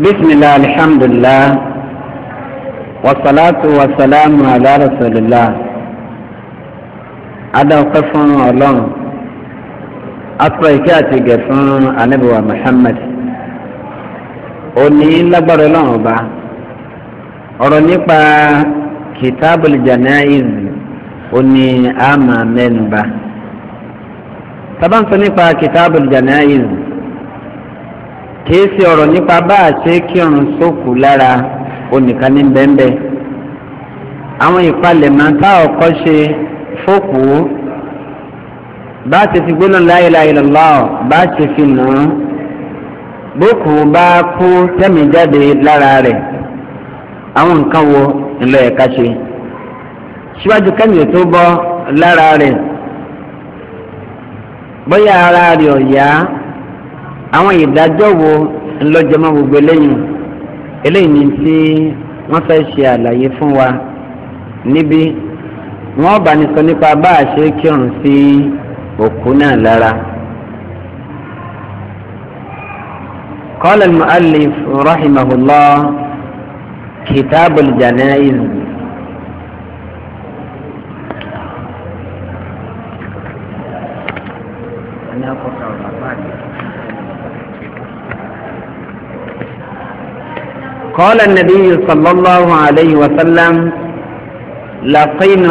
بسم الله الحمد لله والصلاة والسلام على رسول الله ada ọpẹ́ fún Ọlọ́run atọ ìkẹ́ àti ìgẹ̀ fún anabiwa Muhammad òní lágbára Ọlọ́run ọba ọ̀rọ̀ nípa kitabul janaiz òní àmà mẹ́nuba tá bá ń sọ nípa kitabul janaiz kìí ṣe ọ̀rọ̀ nípa bá a ṣe kírun sókù lára onìkan ní bẹ́ńbẹ́ àwọn ìpalẹ̀mọ́ tá a kọ́ ṣe fókù bá a ṣe fi gbóná la ilaha illallah bá a ṣe fi nù ún bókù bá a kú tẹ́mi jáde lára rẹ̀ àwọn nǹkan wo ńlọ ẹ̀ka ṣe síwájú kẹ́mi tó bọ́ lára rẹ̀ bóyá ara rẹ̀ ọ̀ yá àwọn ìdájọ́ wo ńlọ́jọ́mọ́ gbogbo eléyìí eléyìí ni tí wọ́n fẹ́ ṣe àlàyé fún wa níbí wọ́n bá ní sọ nípa bá a ṣe kírun sí òkú náà lára. قال المؤلف رحمه الله كتاب الجنائز قال النبي صلى الله عليه وسلم لقين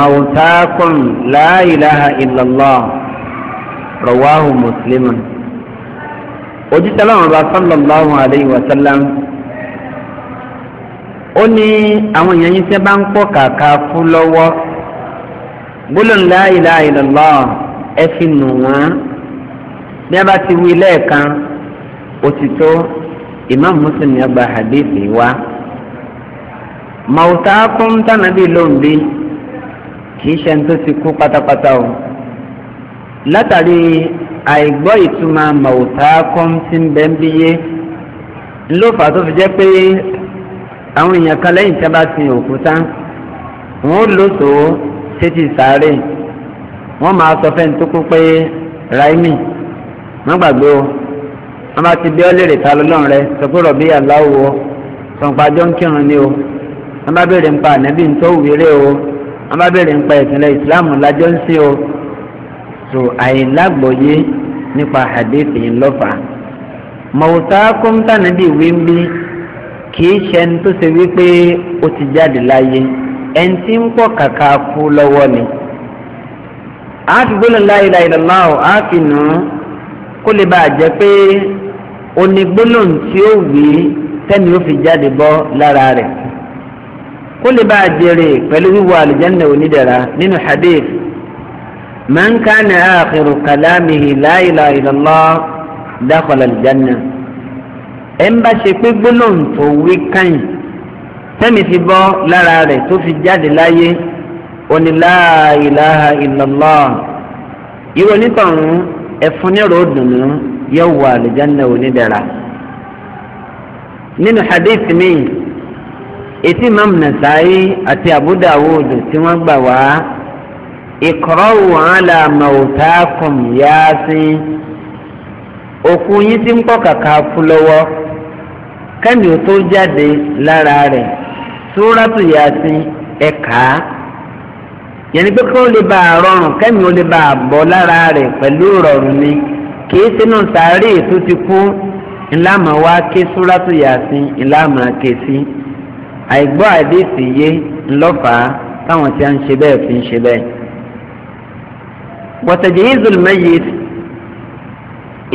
موتاكم لا إله إلا الله رواه مسلم ojú الله صلى الله عليه وسلم wa sallam ó ní àwọn èèyàn yín tẹ́ bá ń pọ̀ kàkà fún lọ́wọ́ gbólóhùn la ilaha ẹ fi nù wọ́n bí a bá ti wí lẹ́ẹ̀kan òtítọ́ imam muslim ya gba hadithi wa mauta kun tanabi lombi kì í ṣe ń tó ti kú pátápátá o látàrí àìgbọ́ ìtumọ̀ mauta kun ti ń bẹ́ ń bí yé ló fà tó fi jẹ́ pé àwọn èèyàn kan lẹ́yìn tí a bá sin òkúta wọn ó lò tó sétí sáré wọn máa sọ fẹ́ni tó kú pé raimi má gbàgbé wọn bá ti bí ọ léèrè ta lọ́lọ́run rẹ sọ pé rọ̀bí aláwọ̀ sọ̀npájọ́ ń ni o wọn bá béèrè nípa ànábì ń o wọn bá béèrè nípa ìpínlẹ̀ ìsìláàmù lájọ́ ń sí o tó àìlágbọ̀yé nípa hadith yìí lọ́fà mọ̀wùtá kọ́ńtà nàbí ìwé ń bí kìí ṣe ẹni wípé ó ti jáde láyé ẹni ń pọ̀ kàkà kú lọ́wọ́ ni. àá fi gbólóhùn la ilaha illallah àá fi nù kó lè bàa jẹ́ pé onígbólóhùn tí ó wí tẹ́ni ó fi jáde bọ́ lára rẹ̀ kó lè bá a jèrè pẹ̀lú wíwọ àlùjánnà onídẹ̀ra nínú hadith man kana akhiru kalamihi la ilaha illallah dakhala aljanna ẹ̀ ń bá ṣe pé gbólóhùn tó wí káyìn tẹ́mi fi bọ́ lára rẹ̀ tó fi jáde láyé oní la ìwọ onítọ̀hún ẹ̀fún ní ròó dùnú yóò wà àlùjáná onídàrá. nínú hadith mi etí imam nasaayi àti abu dawud tí wọ́n gbà wá ìkọ̀rọ̀wù ala mawtakum yaasin òkú yín ti ń pọ̀ kàkà fún lọ́wọ́ kẹ́mi ò tó jáde lára rẹ̀ súrátù yaasin ẹ̀ka pé kí ó lè bá a rọrùn kẹ́mi lè bá a bọ́ lára rẹ̀ rọrùn ni kìí sínú sàárè tó ti kú ńláàmà wá ké súrátù yàsín ńláàmà ké sí àìgbọ́ àdéhìsì yé ńlọ́fà táwọn tí a ń ṣe bẹ́ẹ̀ fi ń ṣe bẹ́ẹ̀. wọ́tẹ̀jì yíṣùl mayyit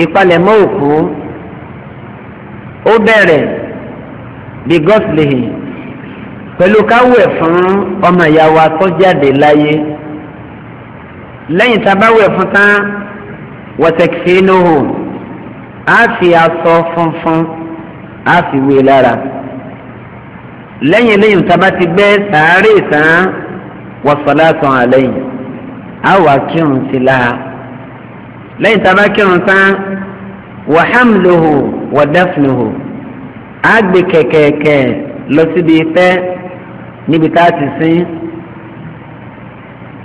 ìpalẹ̀mọ́ òkú ó bẹ̀rẹ̀ bí gọ́sìlìhì pẹ̀lú káwẹ̀ fún ọmọ ìyá wa tó jáde láyé lẹ́yìn tá a bá wẹ̀ fún tán wọ́tẹ̀kìfínúhù á fi aṣọ funfun á fi wé lára lẹ́yìn lẹ́yìn tábà ti gbẹ́ sàárè tán wọ́sọ̀látàn àlẹ́yìn á wà kírun sí lára lẹ́yìn tábà kírun tán wàhámlòhù wọ́dẹ́fìnúhù á gbé kẹ̀kẹ́kẹ́ lọ síbi pẹ́ níbi tá a ti sìn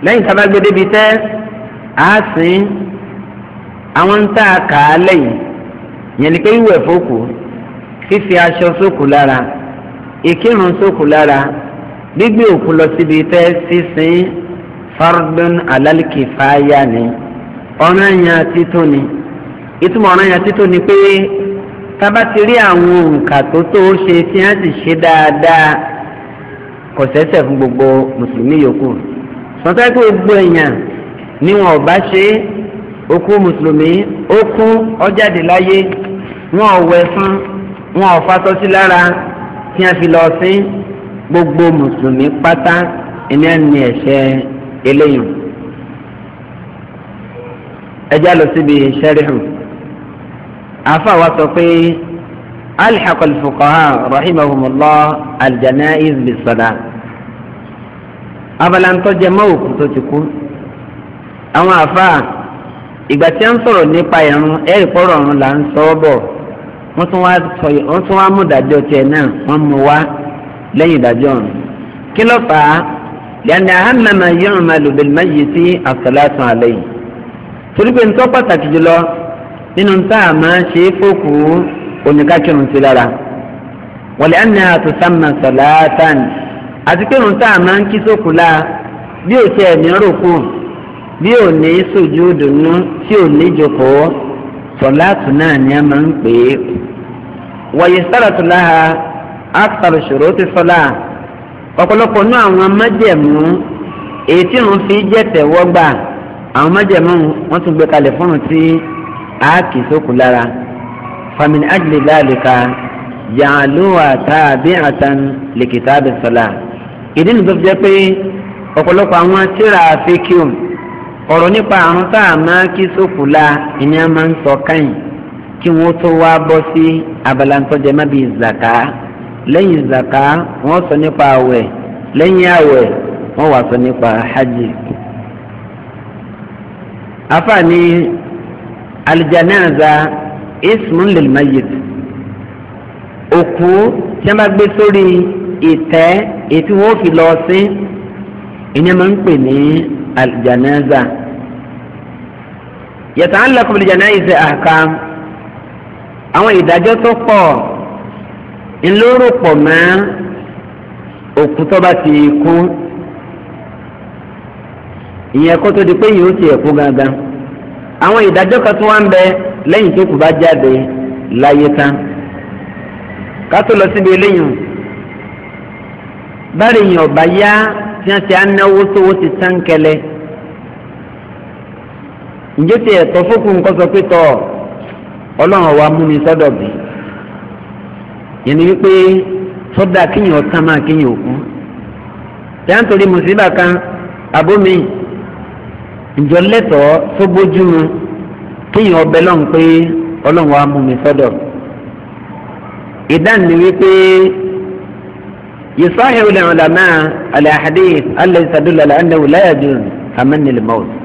lẹ́yìn tábà gbé débi tẹ́ á sìn àwọn ń tà kà á lẹ́yìn yẹn ni pé wíwẹ̀ fókù fífi aṣọ sókù lára ìkírun sókù lára gbígbé òkú lọ síbi tẹ́ sísìn fardun alalikì fàáyà ni ọ̀ranyàn títò ni ìtumọ̀ ọ̀ranyàn títò ni pé tába ti rí àwọn òǹkà tó tó ṣe tí wọ́n sì ṣe dáadáa kò sẹ́sẹ̀ fún gbogbo mùsùlùmí yòókù sọ́tẹ́ gbogbo èèyàn ni wọn ò ṣe é òkú mùsùlùmí ó kú ọjáde láyé wọn ò wẹ̀ fún wọn ò fatọ́ sí lára tí a fi lọ sí gbogbo mùsùlùmí pátá ẹni à ń ní ẹ̀ṣẹ̀ eléyìí ẹjá lọ síbi ṣẹ́ríhù àfa wa sọ pé alḥaq alfuqaha rahimahumullah aljana'iz bisala abala ń tọ́jà ti kú àwọn àfa ìgbà tí a ń sọ̀rọ̀ nípa ìrun ẹ̀rì pọ̀rọ̀ ọ̀run là ń sọ ọ́ bọ̀ wọ́n tún wá sọ wọ́n tún wá mú ìdájọ́ tiẹ̀ náà wọ́n mú wá lẹ́yìn ìdájọ́ ọ̀run kí ló fà á yàrá àhámà máa yẹ ọ̀run máa lò bẹ̀rẹ̀ máa yìí sí àsọ̀láṣàn àlẹ́ yìí torí pé nǹkan pàtàkì jùlọ nínú tá a máa ṣe é fòkù oníkàkírun sí lára wọ̀lẹ́ àná àtúnṣàmà sọ̀láṣàn àti pé nǹkan bí ò ní sùjúdù nú tí ò ní jókòó sọláàtù náà ni a máa ń pè é wọ̀nyí sọ̀rọ̀tù láha akthar shuruti sọlá ọ̀pọ̀lọpọ̀ nú àwọn májẹ̀mú èyí tí òun fi jẹ́ tẹ̀wọ́gbà àwọn májẹ̀mú wọ́n tún gbé kalẹ̀ fún un tí a kì í sókù lára famin ajli dhalika jàǹlúwà tàbí àtàn lè kìtàbí sọlá ìdí nìkan fi jẹ́ pé ọ̀pọ̀lọpọ̀ àwọn tíra fíkìún ọ̀rọ̀ nípa àrùn tá a máa kí sófù la ìyẹn máa ń sọ káyìn kí wọ́n tó wá bọ́ sí abala ń tọ́jà má bíi zàká lẹ́yìn zàká wọ́n sọ nípa àwẹ̀ lẹ́yìn àwẹ̀ wọ́n wá sọ nípa hajj. afaani aljanaza ismun lil mayyit òkú tí a bá gbé sórí ìtẹ́ ètí wọ́n fi lọ sí ìyẹn máa ń pè ní aljanaza yata'allaqu bil jana'izi ahkam àwọn ìdájọ́ tó pọ̀ ńlọrọ pọ̀ mọ́ òkú tó bá ti kú ìyẹn kó tó di pé yìí ó ti ẹ̀kú gangan àwọn ìdájọ́ kan tó wá ń bẹ lẹ́yìn tó kù bá jáde láyé tán ká tó lọ síbi eléyìí báyìí yìí ọ̀bá yá tí wọ́n ti á náwó sówó ti tán kẹlẹ́ ǹjẹ́ tí ẹ̀tọ́ fókun nǹkan sọ pé tọ́ ọlọ́run wa mú mi sọ́dọ̀ bí yẹn ni wípé sọ́dà kíyàn ọ̀tán máa kíyàn òkú yà ń torí mùsíbà kan abómi ǹjọ́ lẹ́tọ̀ọ́ tó mu kíyàn ọbẹ̀ lọ́n pé ọlọ́run wa mú mi ìdáhùn ni wípé yìí sọ́hìn olè ọ̀làmá àlẹ́ àhàdé alẹ́ ìsàdúlọ̀ àlẹ́ ànáwó láyàjú àmẹ́nìlẹ́mọ́ọ̀sì.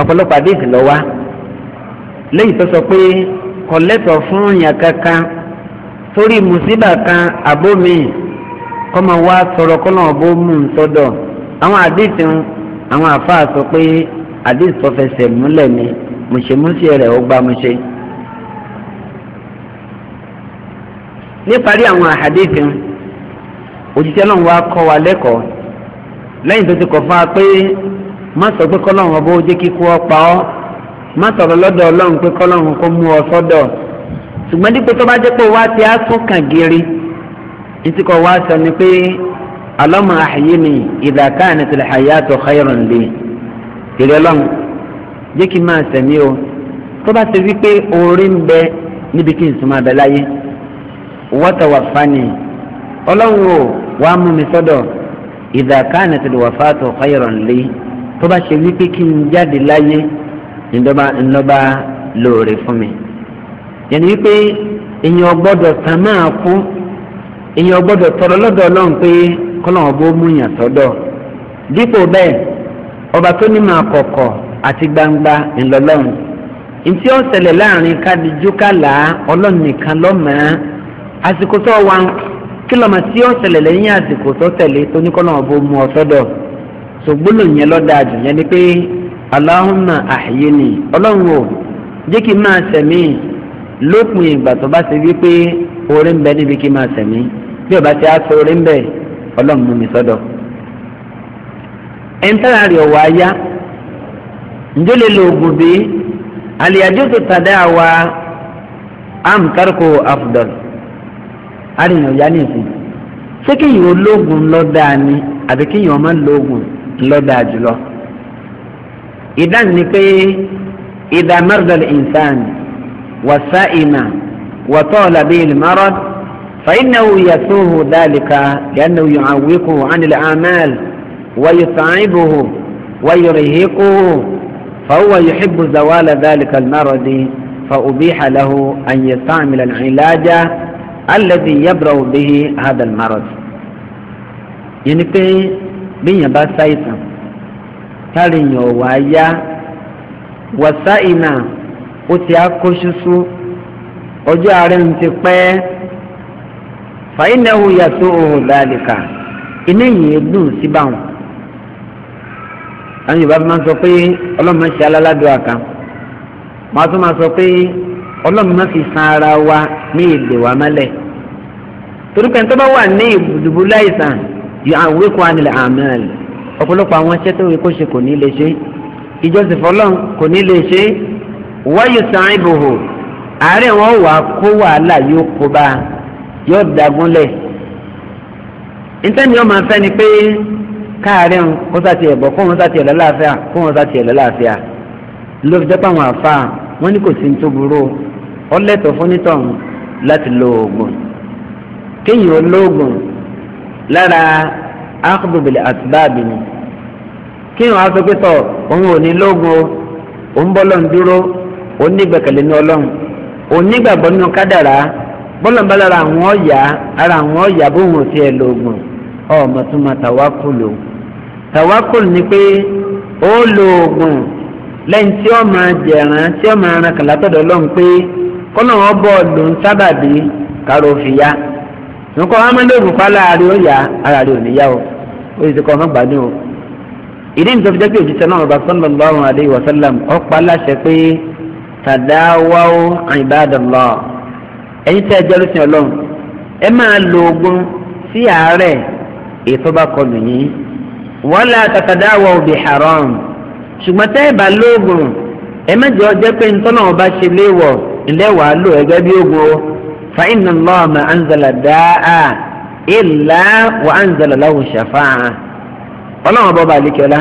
ọ̀pọ̀lọpọ̀ àdéhùn lọ wá léyìí tó sọ pé kọ̀lẹ́tọ̀ fún yàn kankan torí mùsíbà kan àbómi kọ́mọ wá sọ̀rọ̀ kọ́nà ọ̀bọ mú un sọ́dọ̀ àwọn àdéhùn àwọn àfáà sọ pé àdéhùn tó fẹsẹ̀ múlẹ̀ ni mùsèmùsè rẹ̀ ó gbá mùsè. níparí àwọn àhàdéhùn òjíṣẹ́ náà wá kọ́ wa lẹ́kọ̀ọ́ lẹ́yìn tó ti kọ̀ fún wa pé. má sọ pé kọ́lọ́hún ọba ó jẹ́ kíkú ọ pa ọ́ má sọ̀rọ̀ lọ́dọ̀ ọlọ́run pé kọ́lọ́hún kó mú ọ sọ́dọ̀ ṣùgbọ́n dípò tó bá jẹ́ pé wá ti á tún kàn gírí títí kọ́ wá sọ ni pé alọ́mọ àhìyíní idha kanat al-hayatu khayran li ìrẹ́ ọlọ́run jẹ́ kí n máa sẹ̀mí o tó bá ti wí pé orí ń bẹ níbi kí n sùn máa bẹ láyé watawaffani ọlọ́run o wàá mú mi sọ́dọ̀ idha tó bá ṣe wípé kí n jáde láyé ńlọba ńlọba lóore fún mi yẹn wípé èèyàn gbọ́dọ̀ tán máa kú èèyàn gbọ́dọ̀ tọrọ lọ́dọ̀ Ọlọ́run pé kọlọrun bó mú yàn sọ́dọ̀ dípò bẹ́ẹ̀ ọba tó ní máa kọ̀kọ̀ àti gbangba ńlọlọrun ntí ó ṣẹlẹ̀ láàrin kádìjú kàlá Ọlọ́run nìkan lọmọọ àsìkò tó wà kí lọmọ tí ó ṣẹlẹ̀ lẹ́yìn àsìkò tó tẹ̀lé tó ní kọlọrun bó mú ọ sọ́dọ̀ sògbólò yẹn lọ́dà jù yẹn ni pé Allahumma ahyini ọlọ́run o jẹ́ kí n máa sẹ̀mí lópin ìgbà tó bá ṣe wípé orí ń bẹ níbi kí n máa sẹ̀mí bí ọba ti á sọ orí ń bẹ ọlọ́run mú mi sọ́dọ̀. ẹ̀ńtẹ́rà rẹ̀ ọ̀wọ́ ayá njó lè lo oògùn bí àlìyájú ti tàdé àwa amkarko afdal arìnrìn ọ̀yá nìsín ṣé kéèyàn ológun lọ́dà ni àbí kéèyàn ọmọ lóògùn. lọ́dà jùlọ. ìdáhùn ni pé ìdá mardal insan wà sáìmà wà tọ́ọ̀lá bíi ìlmárọ́d فإنه يسوه ذلك لأنه يعوقه عن الأعمال ويصعبه ويرهقه فهو يحب زوال ذلك المرض فأبيح له أن يستعمل العلاج الذي يبرأ به هذا المرض يعني bíyàn bá ṣàìsàn táríyàn wà á yá wàsáìnà ó ti á kó ṣíṣú ọjọ́ ààrẹ ń ti pẹ́ fàyínàwó yàtọ̀ òhùn làlìkà iná yìí dùn síbàwọn àwọn yorùbá máa sọ pé ṣe aláládùá kan wọ́n tún máa sọ pé ọlọ́mọ fi san ara wa ní èdè wa mọ́lẹ̀ torí pé bá wà ní yàwéko anilẹ̀ àmẹ́l ọ̀pọ̀lọpọ̀ àwọn iṣẹ́ tó yẹ kó ṣe kò ní lè ṣe ìjọsìn fọlọ́n kò ní lè ṣe wáyé sàn ìbòhò àárẹ̀ wọn wà kó wàhálà yóò kó bá yóò dagunlẹ̀ ntẹ́ni ọmọ afẹ́ ni pé káàárẹ̀ ń kó sàtì ẹ̀bọ̀ kó wọn sàtì ẹ̀lọ́ láàfíà kó wọn sàtì ẹ̀lọ́ láàfíà ló fi jẹ́pọ̀ àwọn àfa wọn ní kò sí ní tó burú ọlẹ́tọ̀ fún láti lo oògùn kéèyàn olóògùn lára akhdubili asbáàbì ni kí wọn aṣọ pé tọ òun ò ní lóògùn o òun bọ́lọ̀ ń dúró òun nígbẹ̀kẹ̀lé ní ọlọ́run òun nígbàgbọ́ nínú kádàrá bọ́lọ̀ ń bá lára àwọn ọ̀yà ara àwọn ọ̀yà bóun ò tiẹ̀ ọmọ tó máa tàwákùlù tàwákùlù ni pé ó lóògùn lẹ́yìn tí máa jẹ̀ràn tí nǹkan amẹ́lẹ́gùn pa láàrin ó yá ara rẹ̀ ò ní yá o ó sì ti kọ́ ọmọ gbádùn o ìdí nìkan fi jẹ́ pé òjíṣẹ́ náà ọba sallallahu alaihi wa sallam ó pa láṣẹ pé tadawaw ibadallah ẹ̀yin tẹ́ ẹ jẹ́ lóṣìṣẹ́ ọlọ́run ẹ máa lo oògùn sí àárẹ̀ ètò bá kọlù yín wala tatadawaw bi haram ṣùgbọ́n tẹ́ ẹ bá lóògùn ẹ mẹ́jọ jẹ́ pé ntọ́nà ọba ṣe léèwọ̀ ńlẹ́wàá lò ẹgbẹ́ bí oògùn o fa inna Allah ma anzala dáa illa wa anzala lahu shafa'a ọlọ́run bọ́ba àlekẹ́lá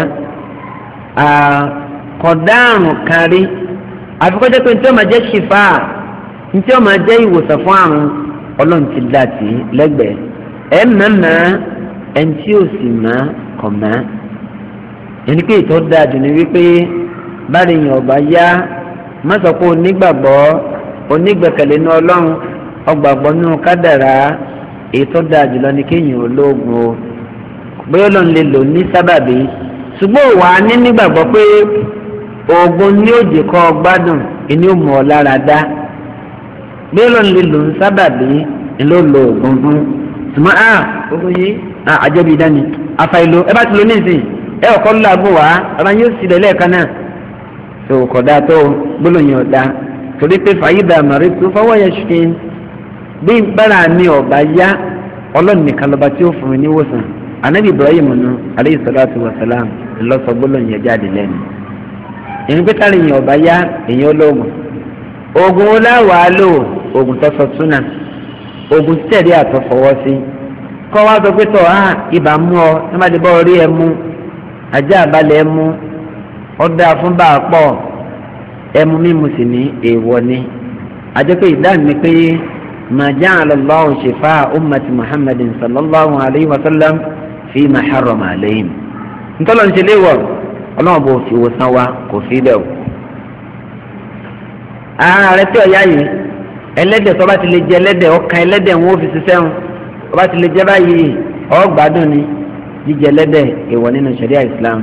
kọ̀dáàrùn kárí àfikọ́jẹ́ pé ntí ó máa jẹ́ ṣìfà ntí ó máa jẹ́ ìwòsàn fún àrùn ọlọ́run ti dá tì í lẹ́gbẹ̀ẹ́ ẹ̀ mẹ́mẹ́ ẹ̀ ntí ò sì má kọ̀ má ẹni pé ìtọ́ dáa jù ní wípé báyìí yàn ọba yá má sọ pé onígbàgbọ́ onígbẹ̀kẹ̀lé ní ọlọ́run ọgbàgbọ́ ní kádàrá ètò tó ní ológun o bóyá lò ní sábàbí ṣùgbọ́n wà á ní nígbàgbọ́ pé oògùn ní òjì kọ́ gbádùn ìní ò mọ̀ lò ní sábàbí ló lo oògùn fún a ah, oògùn yìí ah, àjẹbí dání àfàìlò ẹ bá ti lò ẹ ọkọ wá yóò sì náà bí bára mi ọ̀bá yá ọlọ́run nìkan lọ́ba tí ó fún mi níwòsàn anabi ibrahim nu aleyhi salatu wa salam lọ́sọ̀ gbólóhùn yẹn jáde lẹ́nu èyí pé káàrin yẹn ọ̀bá yá èyí olóògùn oògùn oláwàá lò oògùn tọ́sọ túnà oògùn títẹ̀lé àtọ̀fọwọ́ sí kọ́ wá sọ pé tọ́ a ibà mú ọ ẹ má ti orí ẹ mú ajá àbálẹ̀ ẹ mú ọ̀dà fún pọ̀ ẹ mú mímu sì ní èèwọ̀ ni àjẹpẹ́ ìdáhùn ni pé. ما جعل الله شفاء أمة محمد صلى الله عليه وسلم فيما حرم عليهم نطلع ń الله أبو في bò fi آه wa kò fi bẹ́ẹ̀ o. ara rẹ tí ọ̀yá yìí ẹlẹ́dẹ̀ tó bá ti lè jẹ ẹlẹ́dẹ̀ ọkàn ẹlẹ́dẹ̀ wọn ò fi ṣiṣẹ́ wọn tó bá ti lè jẹ báyìí ọgbàdùn ni jíjẹ ẹlẹ́dẹ̀ èèwọ̀ nínú ṣẹ̀ríà Islam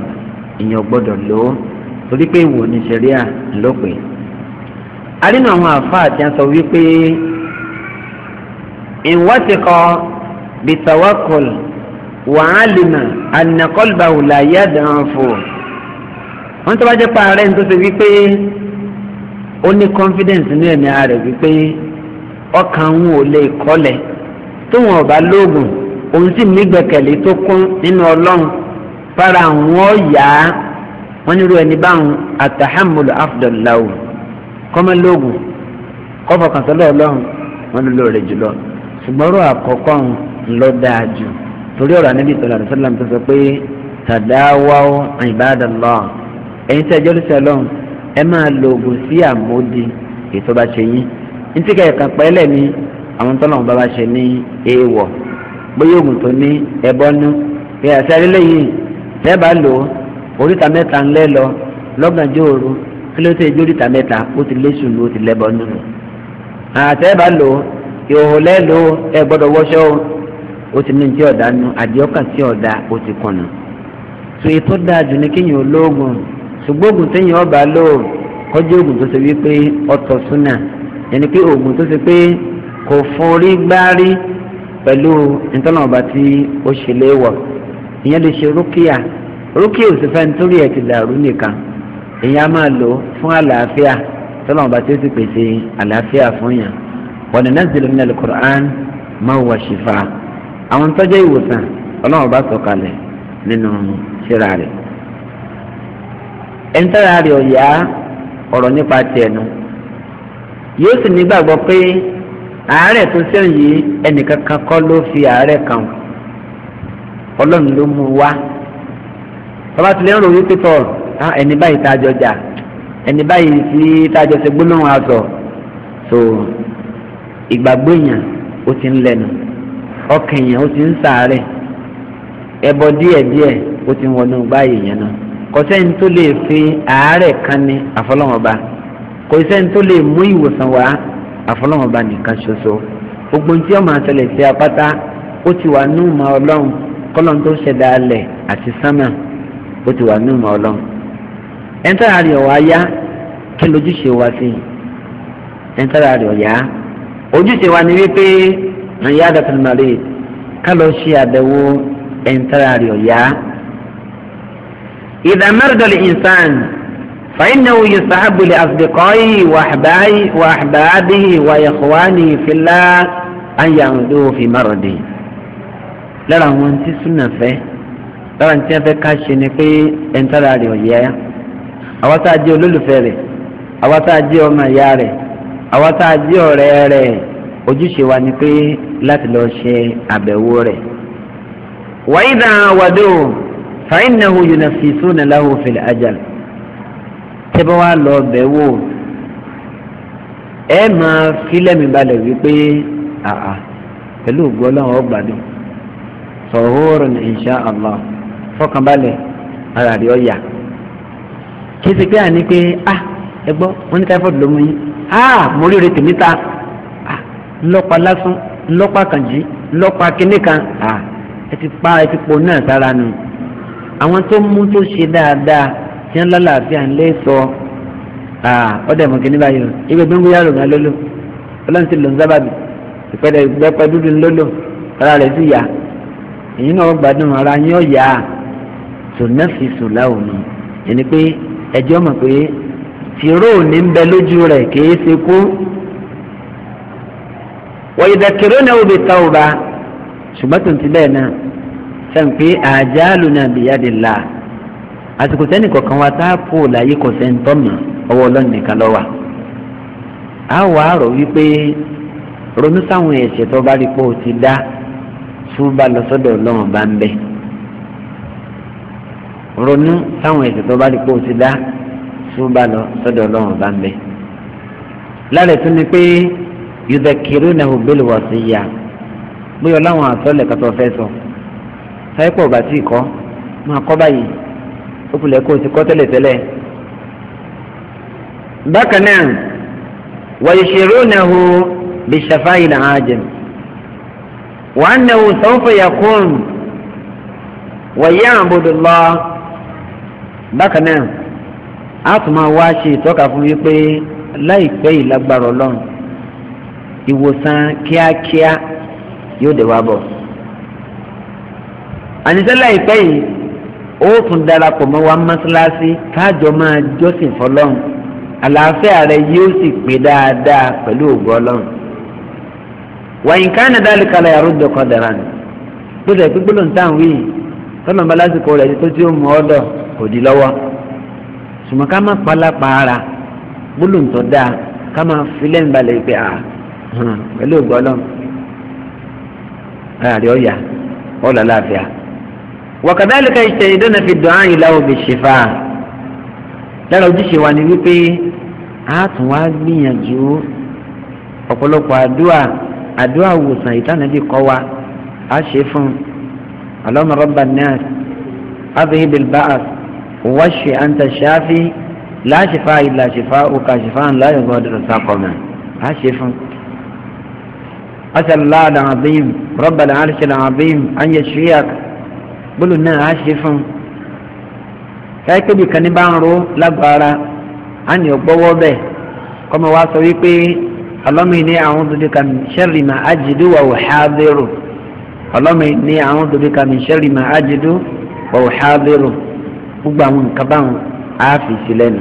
èèyàn gbọ́dọ̀ lò ó torí pé èèwọ̀ ní ṣẹ̀ríà ńlọ́pẹ́. a rí nu àwọn àáfàá tí a sọ wípé ìwọ́sìkọ́ bitawakul wàhálìmà ànàkọ́lùbáwò làyà dànfò wọ́n tó bá jẹ́ pa ààrẹ tó ṣe wípé ó ní confidence ní ẹ̀mí ààrẹ wípé ọkàn òun ò lè kọ́lẹ̀ tóun ọ̀bá lóògùn òun sì nígbẹ̀kẹ̀lé tó kún nínú ọlọ́run fara àwọn ọ̀yà wọn nírú ẹni báwọn àtàhámùlù afdọ̀láwò kọ́mọ́lóògùn kọ́fọ̀kànsọ́lọ́ ọlọ́run wọn ló lóore jùlọ ṣùgbọ́nrún àkọ́kọ́ ńlọ dáa jù torí ọ̀rọ̀ anábì sọ̀rọ̀ àdìsọ́lá tó sọ pé tàdáwáwó ìbádàlọ́ ẹ̀yin tí ẹjọ́ lùsẹ̀ lọ́hùn ẹ máa lo oògùn sí àmódi ètò bá ṣe yín ní tí kẹ̀kẹ́ pẹ́lẹ̀ ni àwọn tó lọ́wọ́ bá bá ṣe ní èèwọ̀ bóyá oògùn tó ní ẹbọ́nú pé àṣẹ arílẹ̀ yìí tẹ́ bá lò ó oríta mẹ́ta ńlẹ́ lọ lọ́gànjọ́ òru kí ló tẹ́ ijó oríta mẹ́ta ó ti léṣù ló ti lẹ́bọ́nú àtẹ́ bá lò ó ìhòòhò lẹ́lò ẹ gbọ́dọ̀ wọṣọ o ó ti ní ti ọ̀dà nu àdìọ́kà tí ọ̀dà ó ti kùnà tó ètò dáa jù ní kéèyàn olóògùn ṣùgbọ́n oògùn téèyàn ọba lò kọjú oògùn tó ṣe wípé ọtọ̀ súnà yẹn ni pé oògùn tó ṣe pé kò forí gbárí pẹ̀lú ìtọ́nà ọba tí ó ṣe léèwọ̀ ìyẹn lè ṣe rúkìá rúkìá ò sì fẹ́ nítorí ẹ̀ ti dàrú nìkan èèyàn á máa lò fún àlàáfíà tọ́nà ọba tí ó sì pèsè àlàáfíà fún yàn wa nunazzilu min al-Qur'an ma huwa shifa' àwọn tó jẹ́ ìwòsàn ọlọ́run bá sọ̀kalẹ̀ nínú síra rẹ̀ ẹni tára rẹ̀ ọ̀yá ọ̀rọ̀ nípa tiẹ̀ nu yóò sì nígbàgbọ́ pé àárẹ̀ tó sẹ́yìn yìí kọ́ ló fi àárẹ̀ kàn ọlọ́run ló mú wá bàbá tilẹ̀ ń rò wípé tọ̀ ẹni báyìí tá a jọ jà ẹni báyìí sí tá a jọ ṣe gbólóhùn aṣọ so ìgbàgbọ́ èèyàn ó ti ń lẹ́nu ọkàn èèyàn ó ti ń sàárẹ̀ ẹbọ díẹ̀díẹ̀ ó ti ń wọnú gbá èèyàn fi àárẹ̀ kan ní àfọlọ́mọba kò sẹ́ni tó lè mú ìwòsàn wá àfọlọ́mọba nìkan ṣoṣo gbogbo tí ọmọ àtẹlẹ apáta ó ti wà ní ìmọ̀ ọlọ́run kọ́lọ́n tó ṣẹ̀dá alẹ̀ àti sánmà ó ti wà ní ìmọ̀ ọlọ́run ẹ̀ńtàrà rẹ̀ wá yá kí lójúṣe wá sí ẹ̀ńtàrà rẹ̀ ojúṣe wa ni wípé ìyá àdàtúmọ̀lẹ́ ká lọ ṣe àdẹ̀wò ẹ̀ńtara rẹ̀ ọ̀yá. إذا مرض الإنسان فإنه يستحب لأصدقائه وأحبابه وإخوانه في الله أن يعودوه في مرضه lára àwọn tí súnà fẹ́ lára tí wọ́n fẹ́ ká ṣe ni pé ẹ̀ńtara rẹ̀ ọ̀yá àwa tá jẹ́ olólùfẹ́ rẹ̀ àwa tá jẹ́ ọmọ ìyá rẹ̀ àwa tá a jí ọ̀rẹ́ rẹ̀ ojúṣe wa ni pé láti lọ ṣe àbẹ̀wò rẹ̀. wa idha wàdó fa'innahu yunafisuna lahu fil ajal tẹ́bá wa lọ bẹ̀ wò ẹ máa fílẹ̀mì balẹ̀ wípé àà pẹ̀lú ògbọ́lọ́wọ́ ọgbàdùn sọ̀hóòrùn insha Allah fọkànbalẹ̀ ara rẹ̀ ọ̀yà kí ti pé àní pé ah ẹ gbọ́ wọ́n ní typhoid ló mú yín ah mo rí rẹ tèmi ta ah ńlọ́pa lásán ńlọ́pa kànjí ńlọ́pa kínní kan ah ẹ ti pa ẹ ti po náà sára nu àwọn tó mú tó ṣe dáadáa tí wọ́n lálàáfíà ń lé sọ ah ọ̀dẹ̀ mọ̀ kínní báyìí o ibẹ̀ gbẹ́ngbẹ́ yàrá òun lọ́lọ́ ọlọ́run ti lò ń sábàbí ìpẹ́ẹ́dẹ̀ ìgbẹ́pẹ́ dúdú ńlọ́lọ́ ara rẹ̀ sì yá èyí náà gbádùn ara yín ọ̀yà tòun náà fi sùn láwùjọ ẹni pé ẹjọ́ mọ̀ pé tìró ní ń bẹ lójú rẹ̀ kìí ṣe kú. wọ́n ìdàkìrò náà ó bi tawba ṣùgbọ́n tó ń ti bẹ́ẹ̀ náà sànpé àjálù náà bìyàdì là àsìkò sẹ́ni kọ̀ọ̀kan wa tá a kó láyé kò sẹ́ ń ọwọ́ ọlọ́run nìkan lọ́wà. a wà á rò wípé ronú sáwọn ẹ̀ṣẹ̀ tó bá rí pé ti dá túbà lọ sọ́dọ̀ ọlọ́run bá ń bẹ ronú sáwọn ẹ̀ṣẹ̀ tó bá rí pé ti dá túbà lọ sọ́dọ̀ Ọlọ́run bá ń bẹ lára tún ni pé yudhakirunahu bil wasiyya bóyá Ọlọ́run àtọlẹ kàtọ fẹ́ sọ sáyẹpọ ọba tí kọ máa kọ báyìí ó kulẹ̀ kó o ti kọ tẹ́lẹ̀tẹ́lẹ̀ bákan náà wa yushirunahu bishafa'il ajim wa annahu sawfa yaqum wa ya'budu Allah bákan náà. Atuma tún máa wá ṣe ìtọ́ka fún mi pé láìpẹ́ ìlágbára ọlọ́run ìwòsàn kíákíá yóò dé wá bọ̀. àníṣẹ́ láìpẹ́ yìí ó tún darapọ̀ mọ́ wa mọ́ṣáláṣí káàjọ máa jọ́sìn fọlọ́run àlàáfíà rẹ yóò sì pé dáadáa pẹ̀lú ògo ọlọ́run. wàyìn káàní dáàlì kalẹ̀ àrùjọ kan dára ni gbọ́dọ̀ ìpínpínlẹ̀ ń tàn wí tọ́lọ́mọba lásìkò rẹ̀ tó tí ó mú ọ́dọ̀ kò di lọ́wọ́ ṣùgbọ́n ká má palapa ara gbólóǹtọ́ dáa ká má filẹ̀ ń balẹ̀ pé ah, à pẹ̀lú ògbọ́lọ́ ààrẹ ọ̀yà ọ̀là láàfíà. wàkàdálìkà ìṣẹ̀ ìdáná fi dùn áyìn láwọn òbí ṣèfà lára ojúṣe wa ni wípé a tún wá gbìyànjú ọ̀pọ̀lọpọ̀ àdúrà àdúrà wòsàn ìtànàbí kọ́ wa a ṣe fún Allahumma rabban nas adhibil ba'as wáṣẹ àǹtà ṣáfi láṣìfà ìlàṣìfà òkàṣìfà ńláyọ̀ gbọ́dọ̀ sàkọ̀mọ̀ àṣẹ fún. أسأل الله العظيم رب العرش العظيم أن يشفيك bólú náà á ṣe fún un káyipé bìkan ní bá ń ro lágbára á ní ọgbọ́wọ́ bẹ́ẹ̀ kọ́mọ wa sọ wípé ọlọ́mìn ní àwọn dòdìkà sẹ́rì mà ájìdú wà wò hábẹ́rò ọlọ́mìn ní àwọn dòdìkà sẹ́rì mà ájìdú wà wò hábẹ́rò gbogbo àwọn nǹkan báwọn á fi sí lẹ́nu.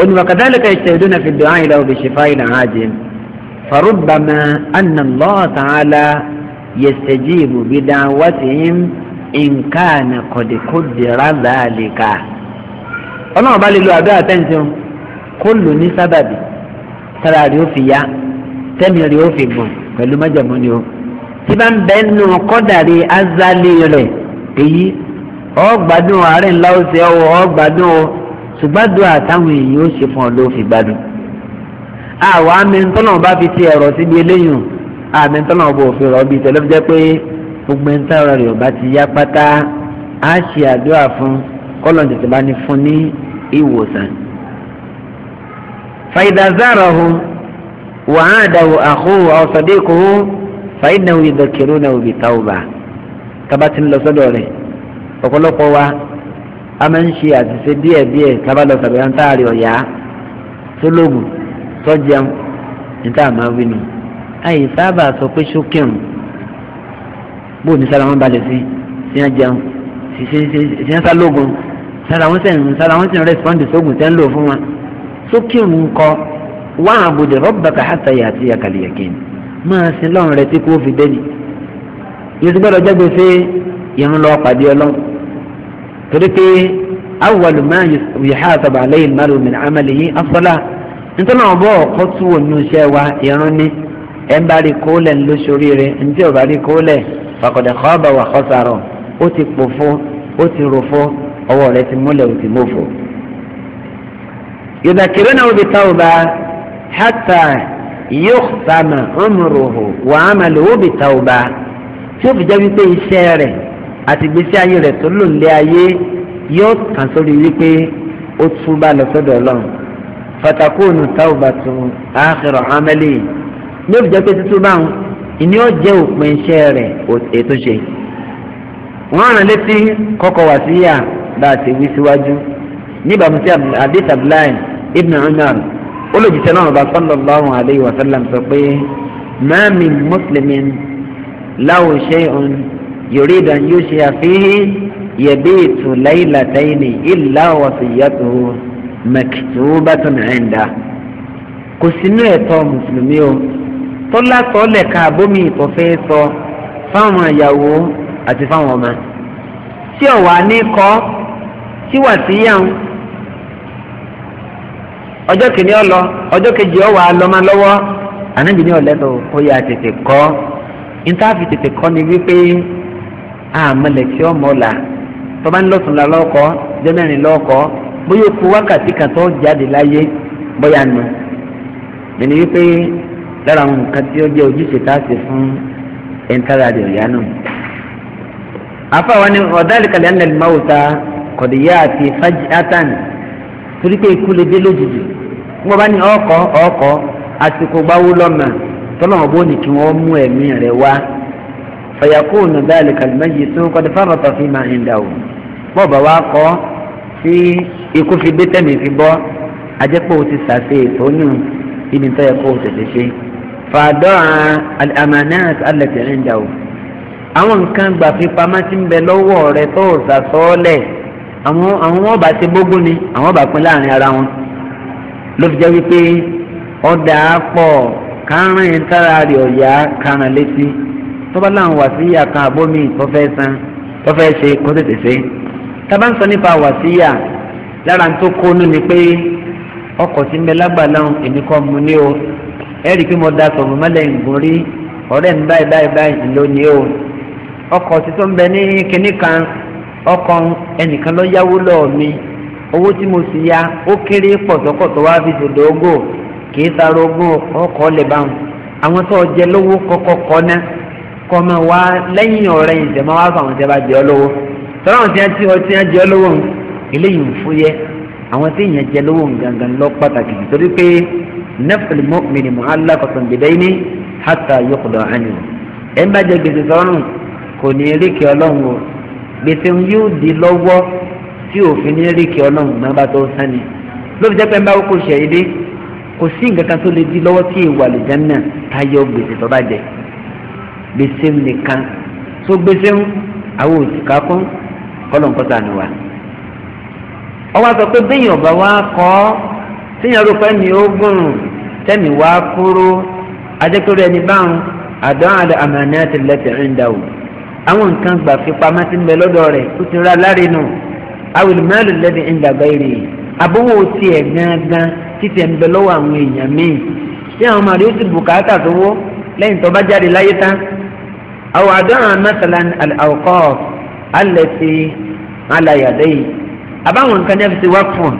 onímọ̀kàdálẹ́kà ìṣẹ̀dún náà fi dùn áyìn lọ́wọ́ bí ṣèfà ìlà ájì farubbama anna Allah ta'ala yastajibu bi da'watihim in kana qad qaddara dhalika. ọlọ́run bá lè lo àdúrà tẹ́ǹtì o kó lò ní sábàbí tára rí ó fi yá tẹ́mi rí ó fi gùn pẹ̀lú májàmú o. tí bá ń bẹ́ẹ̀ nù kọ́dàrí azali rẹ̀ èyí ọgbádùn àárẹ̀ ńlá ó ṣe ọwọ́ ọgbádùn o ṣùgbọ́n dùn àtàwọn èèyàn ó ṣe fún ọ ló fi gbádùn. àwa amẹ́ńtọ́nà bá fi ti ọ̀rọ̀ síbi eléyìn amẹ́ńtọ́nà bò fi rọ̀ bíi tẹ̀lé jẹ́ pé gbogbo ẹ̀ńtà ọ̀rọ̀ rẹ̀ ọba ti yá pátá á ṣe àdúrà fún kọ́lọ̀n tètè bá ní fún ní ìwòsàn. fàyídàzára ọ̀hún wàhán àdàwọ̀ àhóhùn ọ̀sọ̀dẹ́kọ̀ọ́ fàyídàwọ̀ ìdọ̀kẹ̀rọ̀ náà òbí táwọn bá tábàtì lọ sọ́dọ̀ rẹ̀ ọ̀pọ̀lọpọ̀ wa a máa ń ṣe àṣìṣe díẹ̀ díẹ̀ tábàlọ tàbí àwọn táàrí ọ̀yá tó lóògùn tó jẹun níta máa wí nù àyè sábà sọ pé ṣókèrùn bó ní sára wọn balẹ̀ sí sí á jẹun sí á sálógun sára wọn sì ń sára wọn sì ń rẹ́spọ́ǹdì sóògùn tẹ́ ń lò fún wọn ṣókèrùn kọ wá àbùdè rọ́bàkà àtàyè àti àkàlẹ̀yẹ̀kẹ́ máa sin lọ́run rẹ tí kò fi dé yóò ti gbọ́dọ̀ jẹ́ gbèsè ìrún lọ́ọ́ pàdé ọlọ́run torí pé awwal ma yuhasabu alayhi al-mar'u min amalihi as-salah nítorí àwọn bọ́ ọ̀kọ́ tún wò nínú iṣẹ́ wa ìrun ni ẹ̀ ń bá rí kólẹ̀ ń lóṣorí rẹ̀ ń tí ò bá rí kólẹ̀ faqad khaba wa khasara ó ti pòfo ó ti rofo ọwọ́ rẹ̀ ti múlẹ̀ ó ti mòfo. yudhakirunahu bit-tawba hatta yukhsama umruhu wa amaluhu bit-tawba tí ó fi jẹ́ wípé iṣẹ́ rẹ̀ àti gbèsè ayé rẹ̀ tó lò lé ayé yóò kàn sórí wípé ó túbà lọ sọ́dọ̀ Ọlọ́run fatakóònù táwùbàtò àkèrò amẹlẹ ní òbíjọ pé títúbà ń ìní ó jẹ òpin iṣẹ́ rẹ̀ ètò ṣe wọn rán létí kọkọ wá sí yà bá a ti wí síwájú níbàámu sí abdul abdullahi ibn umar olùjíṣẹ́ náà bá sallallahu alayhi wa sallam sọ pé ma min muslimin lahu yorùdà yóò ṣe àfihì yẹ̀bí ètò láìlàtàìní ìlà wàsíyàtò mẹkìtìwọ́bàtàn ẹ̀ńdà kò sínú ẹ̀tọ́ mùsùlùmí o tọ́lá tọ́lẹ̀ ká bómi ìtọ́fẹ́ sọ fáwọn ìyàwó àti fáwọn ọmọ tí ọ̀wà ní kọ́ tí wà sí yàn ọjọ́ kìíní ọlọ ọjọ́ kejì ọwà lọ́mọ lọ́wọ́ ànábìíní ọ̀lẹ́dọ̀ kó yà tètè kọ́ níta tètè kọ́ ni wípé àmọ́lẹ̀ tí ó mọ̀ọ́là tọ́ba ń lọ́sùn lọ́kọ́ jẹ́mẹ́rin lọ́kọ́ bóyá o kú wákàtí kan tó jáde láyé bóyá nù. bẹ́ẹ̀ni wípé lára àwọn nǹkan tí ó jẹ́ ojúṣe tá a ṣe fún ẹ̀ńtàrà rẹ̀ ọ̀yá nù. àfàwọn ni ọ̀dàlẹ̀ kàlẹ́ ẹ̀ mawuta kọ̀dìyà àti faj'atan torí pé ikú lè dé lójijì wọ́n bá ní ọkọ̀ ọkọ̀ àsìkò gbáwó lọ́mọ tọ́lọ́mọ bó ní kí wọ́n mú ẹ̀mí rẹ̀ wá. فيكون ذلك المجلس قد فرط fáfàtà fi máa ń في يكون في بيت من في ikú fi dé tẹ̀mí fi bọ́ ajẹ́pọ̀ o ti sàṣe ìtọ́nù ibi tó yẹ kó o tètè ṣe fàdọ́ra al-amanat allati inda o àwọn nǹkan gbà fi pamọ́ ti ń bẹ lọ́wọ́ rẹ tó o àwọn àwọn wọn ti bógún ni àwọn bá pín láàrin ara wọn ló fi jẹ́ wípé ọ̀dà pọ̀ kárìn tára rẹ̀ ọ̀yá kárìn létí tọ́ba láwọn wàsíyà kan àbómi tọ́fẹ́ san tọ́fẹ́ ṣe kó tètè ṣe tábà ń sọ nípa wàsíyà lára tó kónú ni pé ọkọ̀ tí ń bẹ èmi kọ́ mu ní o ẹ̀rí pé mo da sọ̀rọ̀ mọ́lẹ̀ ń gùn rí ọ̀rẹ́ mi báyìí báyìí báyìí lónìí o ọkọ̀ tí tó ń bẹ ní kinní kan ọkọ̀ ẹnìkan ló yáwó lọ́ọ̀ mi owó tí mo sì ya ó kéré pọ̀tọ́pọ̀tọ́ wá fi dòdò ogó kì í taro ogún ọkọ̀ lè bá wọn àwọn tó jẹ lówó kọ́kọ́ kọ́ náà kọ́mọ wa lẹ́yìn ọ̀rẹ́ yìí tẹ̀ máa wá fún àwọn tí a bá jẹ́ ọlọ́wọ́ tọ́lá àwọn tí a ti ọtí a jẹ́ ọlọ́wọ́ ń eléyìí ń fúyẹ́ àwọn tí èèyàn jẹ́ lọ́wọ́ ń gangan lọ pàtàkì torí pé nafil mu'mini mu'allaqatun bidayni hatta yuqda anhu ẹ̀ ń bá jẹ gbèsè sọ́run kò ní eréke ọlọ́run o gbèsè ń yóò di lọ́wọ́ tí òfin ní eréke ọlọ́run náà bá tó sani lóbi jẹ́ pé ń bá wọ́kọ̀ dé kò sí nǹkan tó lè di lọ́wọ́ tí èèwà lè náà táyọ̀ gbèsè tó gbèsè nìkan tó gbèsè ń àwọn òtìká kún kọlọ̀nkọ́ta ni wa. ọwọ́ sọ pé bẹ́ẹ̀ ọba wa kọ́ tíyẹn rúpẹ́ ní ogún tẹ́mi wá kúrú adékòrò ẹni báwọn àdán àdá àmàlẹ́ àti lẹ́tẹ̀ ń dà o. àwọn nǹkan gbà fi pamọ́ sí mbẹ lọ́dọ̀ rẹ̀ ó ti ra láre nù àwọn ìmọ̀lẹ́ lẹ́bi ń dàgbà èrè àbúwò tiẹ̀ gángan títẹ̀ ń bẹ lọ́wọ́ àwọn èèyàn míì tí àwọn màrí ó sì bùkátà tó wó lẹ́yìn tó bá jáde láyé tán أو أضع مثلا الأوقاف التي على يديه àbáwọn kan ní ẹfisi wákùn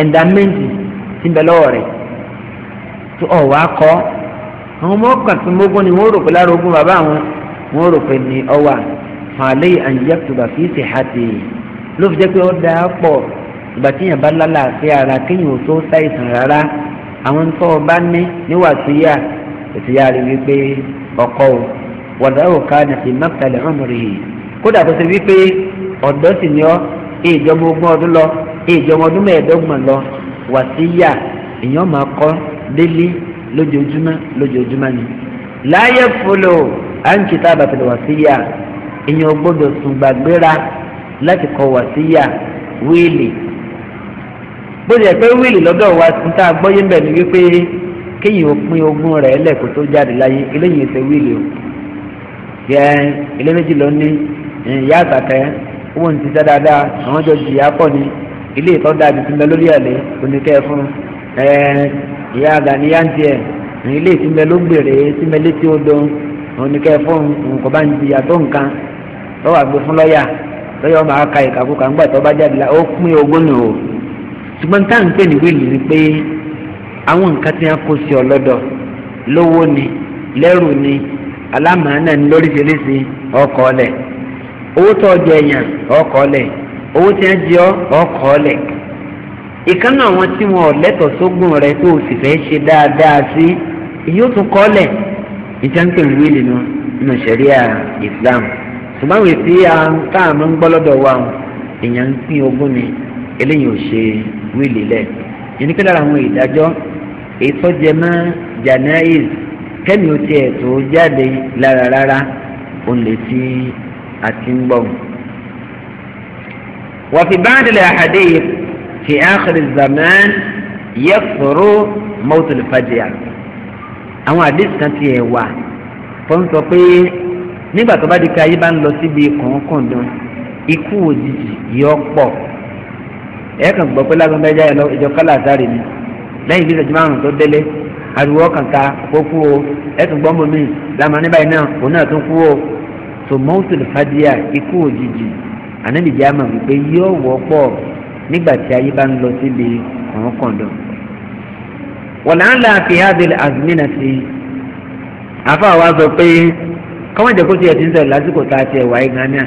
ẹ̀ndàmẹ́ǹtì ti ń bẹ lọ́wọ́ rẹ̀ tó ọ̀ wá kọ́ àwọn ọmọ ọkàn tó mógún ni wọ́n rò pé lára ogún bàbá àwọn wọ́n rò pé ní ọwà fàlẹ́ àyẹ̀kùbà fi ṣe hàtì ló fi jẹ́ pé ó dáa pọ̀ ìgbà tí yẹn bá lálàáfíà ara kéèyàn ò tó ṣàìsàn rárá àwọn tó o bá ní níwà síyà ètò yára rí i pé ọkọ o. wàdàrú kánà fi mẹ́tàlẹ̀ ọmọrì yìí kódà kó ṣe wípé ọ̀dọ́ sì ni ọ́ ìjọba ogún ọdún lọ ìjọba ọdún mẹ́ẹ̀ẹ́dọ́gbọ̀n lọ èèyàn máa kọ́ délé lójoojúmọ́ lójoojúmọ́ ni. láyé fúlò à ń kìtà àbàtàlẹ̀ èèyàn gbọ́dọ̀ sùn gbàgbéra láti kọ wàsíyà wíìlì. bó ṣe pé wíìlì lọ́dọ̀ wa a gbọ́yé mbẹ̀ ni wípé kéèyàn pín ogún rẹ̀ lẹ́kọ̀ọ́ tó jáde o. kí ẹ ilé méjì ló ní ìyá àtàkẹ́ owó ní ti sẹ́ dáadáa àwọn jọ jìyà pọ̀ ní ilé ìtọ́ dáa ti ti mẹ lórí ẹ̀lẹ́ oníkẹ́ fún ẹ ìyá àgà ní yáǹtì ẹ̀ ilé ti mẹ ló gbèrè ti mẹ létí odò oníkẹ́ fún nǹkan bá ń jìyà tó nǹkan lọ́wọ́ àgbẹ̀ fún lọ́ọ̀yà lọ́yọ̀ máa ka ìkàkùkà ńgbà tó bá jáde la ó pín ogún nù o ṣùgbọ́n táà ń pè ní wíìlì ni pé àwọn nǹkan tí wọ́n kó sí ọ lọ́dọ̀ lówó ni lẹ́rù ni alámàánà ní lóríṣiríṣi ọkọọlẹ owó tó ọjọ́ èèyàn owó tí wọ́n jẹ àwọn tí wọn ò lẹ́tọ̀ọ́ sógùn rẹ tó o sì fẹ́ ṣe dáadáa sí èyí tún Islam ṣùgbọ́n àwọn èsì táàmù ń gbọ́ lọ́dọ̀ wa èèyàn ń pín ni eléyìí ò ṣe lẹ̀ yìí ní kí lára àwọn ìdájọ́ kẹ́mi ó tiẹ̀ tó jáde lára rárá ó lè ti àti ń gbọ́. وفي بعض الأحاديث في آخر الزمان يكثر موت الفجأة àwọn àdéhùn kan ti ẹ̀ wà tó ń sọ pé nígbà tó bá di ká yé bá ń lọ síbi kọ̀ọ̀kọ̀ọ̀dán ikú òjijì yọ pọ̀ ẹ̀ kàn gbọ́ pé lágbọ́n bẹ́ẹ̀ jáde lọ ìjọ kálá àtàrí ni lẹ́yìn bí ìṣẹ́jú márùn-ún tó délé ariwo kànká kó kú o ẹtùn gbọ́mọ mi lámà ní báyìí náà òun náà tún kú o tó mọ́tòlù fàdíà ikú òjijì ànábìjì àmà wípé yóò wọ́pọ̀ nígbà tí ayé bá ń lọ síbi ọ̀hún kọ̀ọ̀dọ̀. wọ̀lá ńlá fi hadil azmina sí afa wa sọ pé kọ́mọ̀ jẹ́ kó tiẹ̀ ti ń sọ̀rọ̀ lásìkò tá a tiẹ̀ wáyé gánà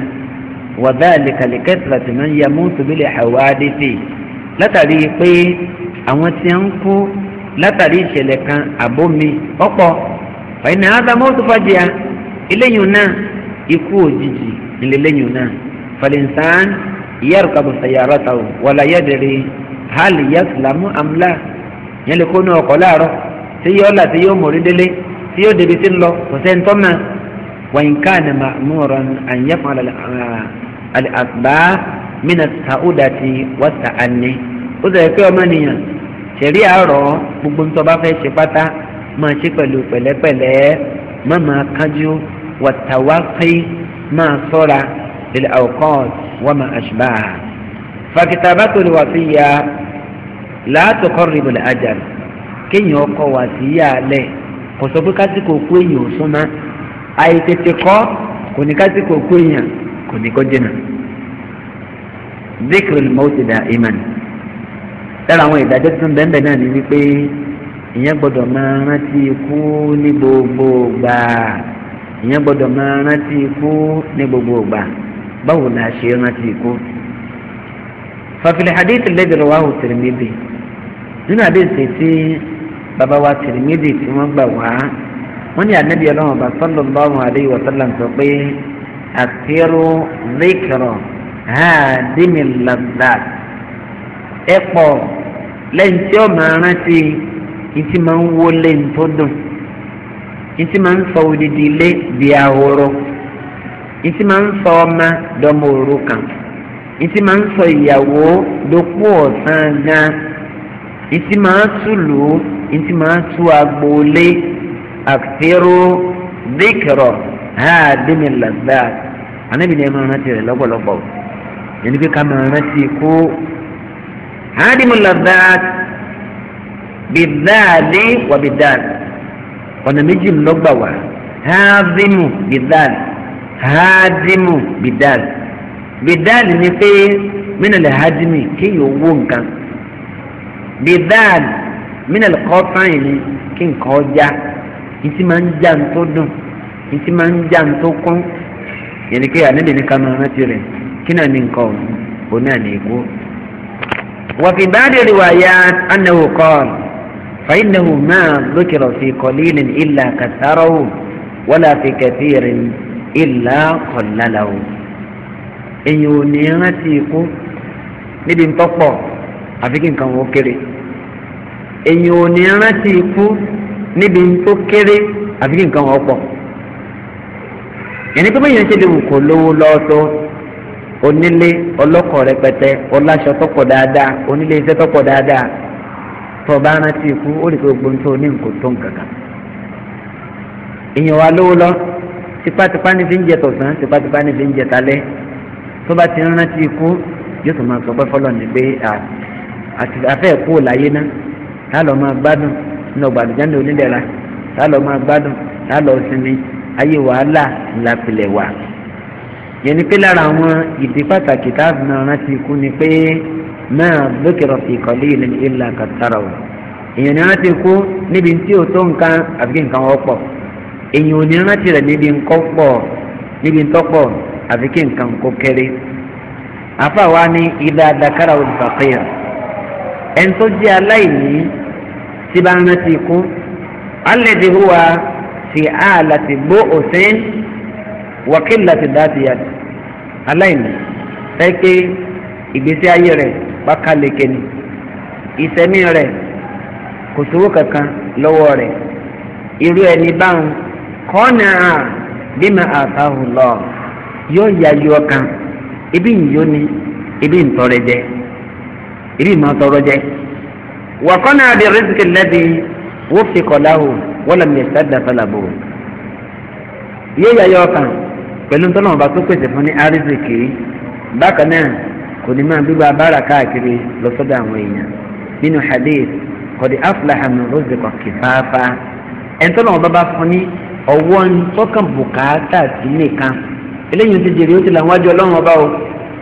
wọ̀dà àlìkàlìkẹ́tìlá tí wọ́n ya mọ́tòlù lè hàwá dé sí látàrí pé àwọn tí ń kú látàrí ìṣẹ̀lẹ̀ kan àbómi ọ̀pọ̀ ọ̀yìnà ádámọ́ tó fàjìyà eléyìí náà ikú òjijì nílẹ̀lẹ́yìn náà falinsan yarkabu sayaratahu wala yadri hal yaslamu amla yẹn lè kó ní ọkọ̀ láàárọ̀ tí yóò là tí yóò mórí délé tí yóò débi tí ń lọ kò sẹ́ni tọ́mà wọ́n ká ní ma'muran an yaf'ala al-asbab ṣẹ̀rí àárọ̀ gbogbo nítorí ọba fẹ́ ṣe pátá máa ṣe pẹ̀lú pẹ̀lẹ́pẹ̀lẹ́ má máa kánjú wàtàwákì máa sọ́ra lil awqat wa ma ashbaha. fakitabatul wasiya la tuqarribul ajal kéèyàn ọkọ̀ wà sí yà á lẹ̀ kò sọ pé kásìkò kú èèyàn ò súnmọ́ àìtètè kọ́ kò ní kásìkò kú èèyàn kò ní kó jìnnà. zikrul mawti da'iman lára àwọn ìdájọ́ tó ń bẹ́ẹ̀ náà ni wípé ìyẹn gbọ́dọ̀ máa rántí ikú ní gbogbo gbà ìyẹn gbọ́dọ̀ máa rántí ikú ní gbogbo gbà báwo la ṣe rántí ikú. fàfilì hadith alladhi rawahu Tirmidhi nínú àdéhùn tí bàbá wa Tirmidhi tí wọ́n gbà wá wọ́n ní ànábì ọlọ́run ọba sallallahu alayhi wa sallam sọ pé àfẹ́rù zikra hàdínì ladhat ẹ pọ̀ lẹ́yìn tí ó máa rántí ìtì máa ń wó lẹ́yìn tó dùn ìtì máa ń sọ odidi ilé di ahoro ìtì máa ń sọ ọmọ dọmọ òrukàn ìtì máa ń sọ ìyàwó dopò ọ̀sán gan ìtì máa túlù ìtì máa tú agboolé àfẹ́rò díkìrọ̀ háàdìmí làgbà ànábìnrin ẹ̀ máa rántí rẹ̀ lọ́pọ̀lọpọ̀ yẹn ni pé ká máa rántí kó hadimu ladat bidaadi wa bidaadi ọ̀nà méjì lọ́gbà wá hadimu bidaadi hadimu bidaadi bidaadi ni pé minal hadimi kéèyàn wó nǹkan bidaadi minal kọ́tàn ni kí nǹkan ọjà ìtì máa ń já ń tó dùn ìtì máa ń já ń tó kún yẹnni pé ànábìíní kan máa rántí rẹ̀ kí náà ní nǹkan òun náà ní وفي بعض الروايات أنه قال فإنه ما ذكر في قليل إلا كثره ولا في كثير إلا قلله èyí ò ní rántí ikú níbi ntọ́pọ̀ àfi kí nǹkan wọ́n kéré èyí ò ní rántí ikú níbi tó kéré àfi kí nǹkan wọ́n pọ̀ yẹn ní pé bẹ́ẹ̀ yẹn ṣe lè wù kó lówó lọ́ọ́tọ́ onílé ọlọ́kọ̀ rẹpẹtẹ ọláṣọ tọ́pọ̀ dáadáa onílé iṣẹ́ tọ́pọ̀ dáadáa tó bá rántí ikú ó lè fi gbogbo ní nǹkan tó wa lówó lọ tipátipá fi ń jẹ tọ̀sán tipátipá ní fi ń jẹ talẹ́ tó bá ti rántí ikú yóò tó máa sọ pé fọlọ́ ní pé àfẹ́ kú láyé náà tá lọ máa gbádùn nínú la tá lọ yẹn ni pé lára àwọn ìdí pàtàkì táàbù náà rántí ikú ni pé máa lókèrò fi ìkọ̀lé ilẹ̀ ìlà kàtàrà o èèyàn ní rántí ikú níbi tí ò tó nǹkan àbí nǹkan ọ̀pọ̀ èèyàn ò ní rántí rẹ̀ níbi nǹkan pọ̀ níbi nǹkan pọ̀ àbí kí nǹkan kó kéré afa wa ni ìdá àdàkàrà o fàkìyà ẹn tó jẹ́ aláìní tí bá rántí ikú alẹ́ ti àlàtì gbó òsín wàkìlà ti dá ti yàtọ̀ aláìní ẹ pé ìgbésí ayé rẹ̀ pákáleke ni ìsẹ̀mí rẹ̀ kò sówó kankan lọ́wọ́ rẹ̀ irú ẹni báwọn kọ́nà á bímọ àtàwọn lọ yóò yá yọ kan ibi yìí ni ibi ntọrọ jẹ ibi ìmọ̀tọrọ jẹ wà kọ́nà àbí rìsíkì lẹ́bi wọ́n fi kọ̀ láwù wọ́n lọ́mọ ìsẹ́dàfẹ́ làbò yóò yá yọ kan pẹ̀lú tọ́lọ́mù bá tó pèsè fún ní àrísìkì bákan náà kò ní máa gbígbà bára káàkiri lọ́sọ́dọ̀ àwọn èèyàn nínú hadith kọ̀dí afúláhàmù rọ́sìkọ̀ kìfáfá ẹ̀ tọ́lọ́mù bá bá fún ní ọwọ́ ní tọ́kàn bùkátà sí nìkan eléyìí ti jèrè ó ti làwọn ajọ ọlọ́run ọba o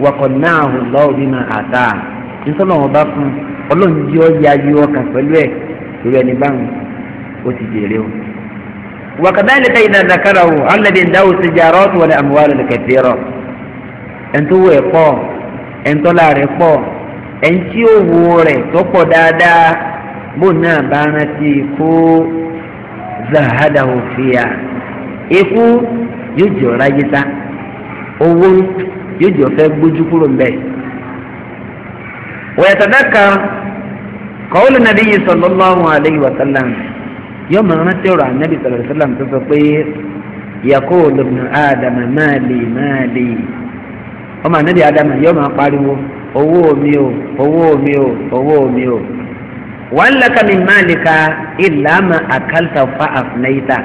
wakọ̀ náà lọ́wọ́ bí máa àtà ní tọ́lọ́mù bá fún ọlọ́run jí ọ وكذلك إذا ذكره الذي له التجارات والأموال الكثيرة ẹ̀ńtó wẹ̀ pọ̀ ẹ̀ńtó láàrẹ̀ pọ̀ ẹ̀ńtí òwò rẹ̀ tó pọ̀ dáadáa bó náà bá rántí kó zahadahu fiya ikú yóò jẹ́ ọ̀rá yíta owó yóò jẹ́ ọ̀fẹ́ gbójú kúrò ń bẹ̀. wẹ̀tàdákà kọ́ọ̀lù nàbíyí sallallahu alayhi wa sallam yóò máa rántí ọ̀rọ̀ ànábì sallallahu alaihi wasallam tó sọ pé yaqulu ibnu ádámà máàlì máàlì ọmọ ànábì ádámà yóò máa pariwo owó mi o owó mi o owó mi o wàá laka min málìka illa ma akalta fa afnayta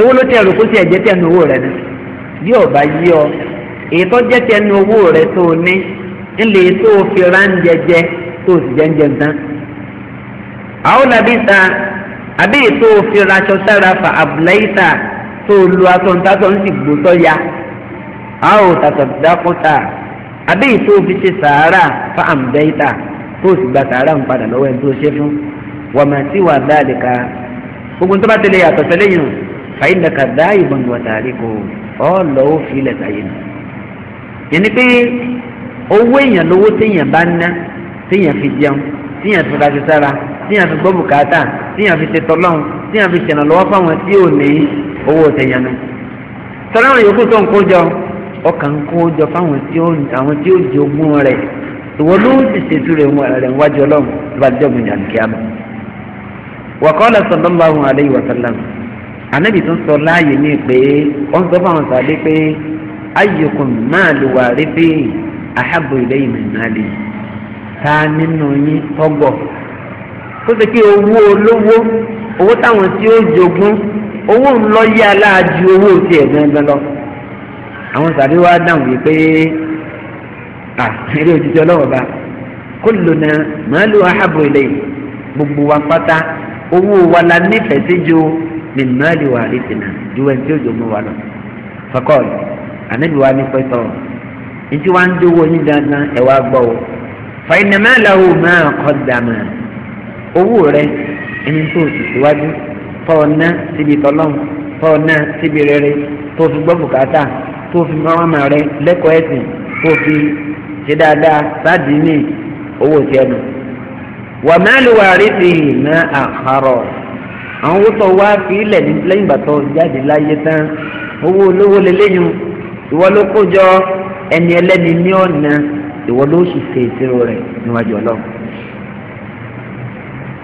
ewu ló tẹ ẹrù kó tiẹ̀ jẹ́ tẹ̀ nu owó rẹ ni bí ọba yí ọ èyí tó jẹ́ tẹ̀ nu owó rẹ tó o ní ńlẹ̀ tó o fi ránjẹ jẹ tó o sì jẹ́ ń jẹ ń tán. àwọn làbí ta àbí ètò òfin raṣọ sára fa abúláìsà tó lu atọ́ntàtọ́ ń sì gbótọ́ ya a ò tàtọ̀ dákúta àbí ètò òfin ṣe sàárà fa àmúdáìsà tó sì gba sàárà ń padà lọ́wọ́ ẹni tó ṣe fún wàmà tí wàá dáàlì ká gbogbo tó bá tẹ̀lé yàtọ̀ tẹ́lẹ̀ yìí fàyín dàkà dá ìbọn ìwà tààrí kò ọ lọ́wọ́ fi ilẹ̀ tàyè nù. yẹnni pé owó èèyàn lówó téèyàn bá ná téèyàn fi jẹun téèyàn fi raṣọ sára tíyàn fi gbọ́ bùkátà tíyàn fi ṣètò lọ́hùn tíyàn fi ṣèrànlọ́wọ́ fáwọn tí ò ní owó tẹ̀yàn tọ́lá àwọn yòókù tó ń kó jọ ọkàn ń kó jọ fáwọn tí ó àwọn tí ó di ogún rẹ̀ ìwọ ló ti ṣètò rẹ̀ wájú ọlọ́run tó bá jọ́ gbìyànjú àlùkìyàmù. wa qala sallallahu alayhi wa sallam ànábì tó ń sọ láàyè ní pé ó ń sọ fáwọn sàdé pé ayyukum malu warithi ahabbu ilayhi min mali ta nínú yín tọ́gbọ̀ tó ṣe pé owó olówó owó táwọn tí ó jogún owó ńlọ yí aláàjú owó tiẹ̀ gbẹngbẹn lọ àwọn sàbí wa dáhùn yìí pé à eré òjijì ọlọ́wọ́ bá kulluna màálù ahabu ilẹ̀ gbogbo wa pátá owó wa la nífẹ̀ẹ́ sí ju min mali wa ìsìnà ju ẹni tí ó jogún wa lọ fakọ́ọ̀lù ànábì wa ní pẹ́tọ́ ntí wa ń dówó yín dandan ẹ̀ wá gbọ́ o fa inna ma lahu owó rẹ ẹni tó o sì tọ́ ọ ná síbi tọ́lọ́mù tọ́ ọ ná síbi rere tó o fi gbọ́ bùkátà tó o fi mọ ọmọ rẹ lẹ́kọ̀ọ́ ẹ̀sìn tó o fi ṣe dáadáa sáàdì ní owó tiẹ̀ nù. wà má lè wà ti iná àkàrọ̀ àwọn owó tó wá fi ilẹ̀ lẹ́yìn jáde láyé tán owó olówó lélẹ́yìn ìwọ ló kó jọ ẹni ẹlẹ́ni ní ọ̀nà ìwọ ló sì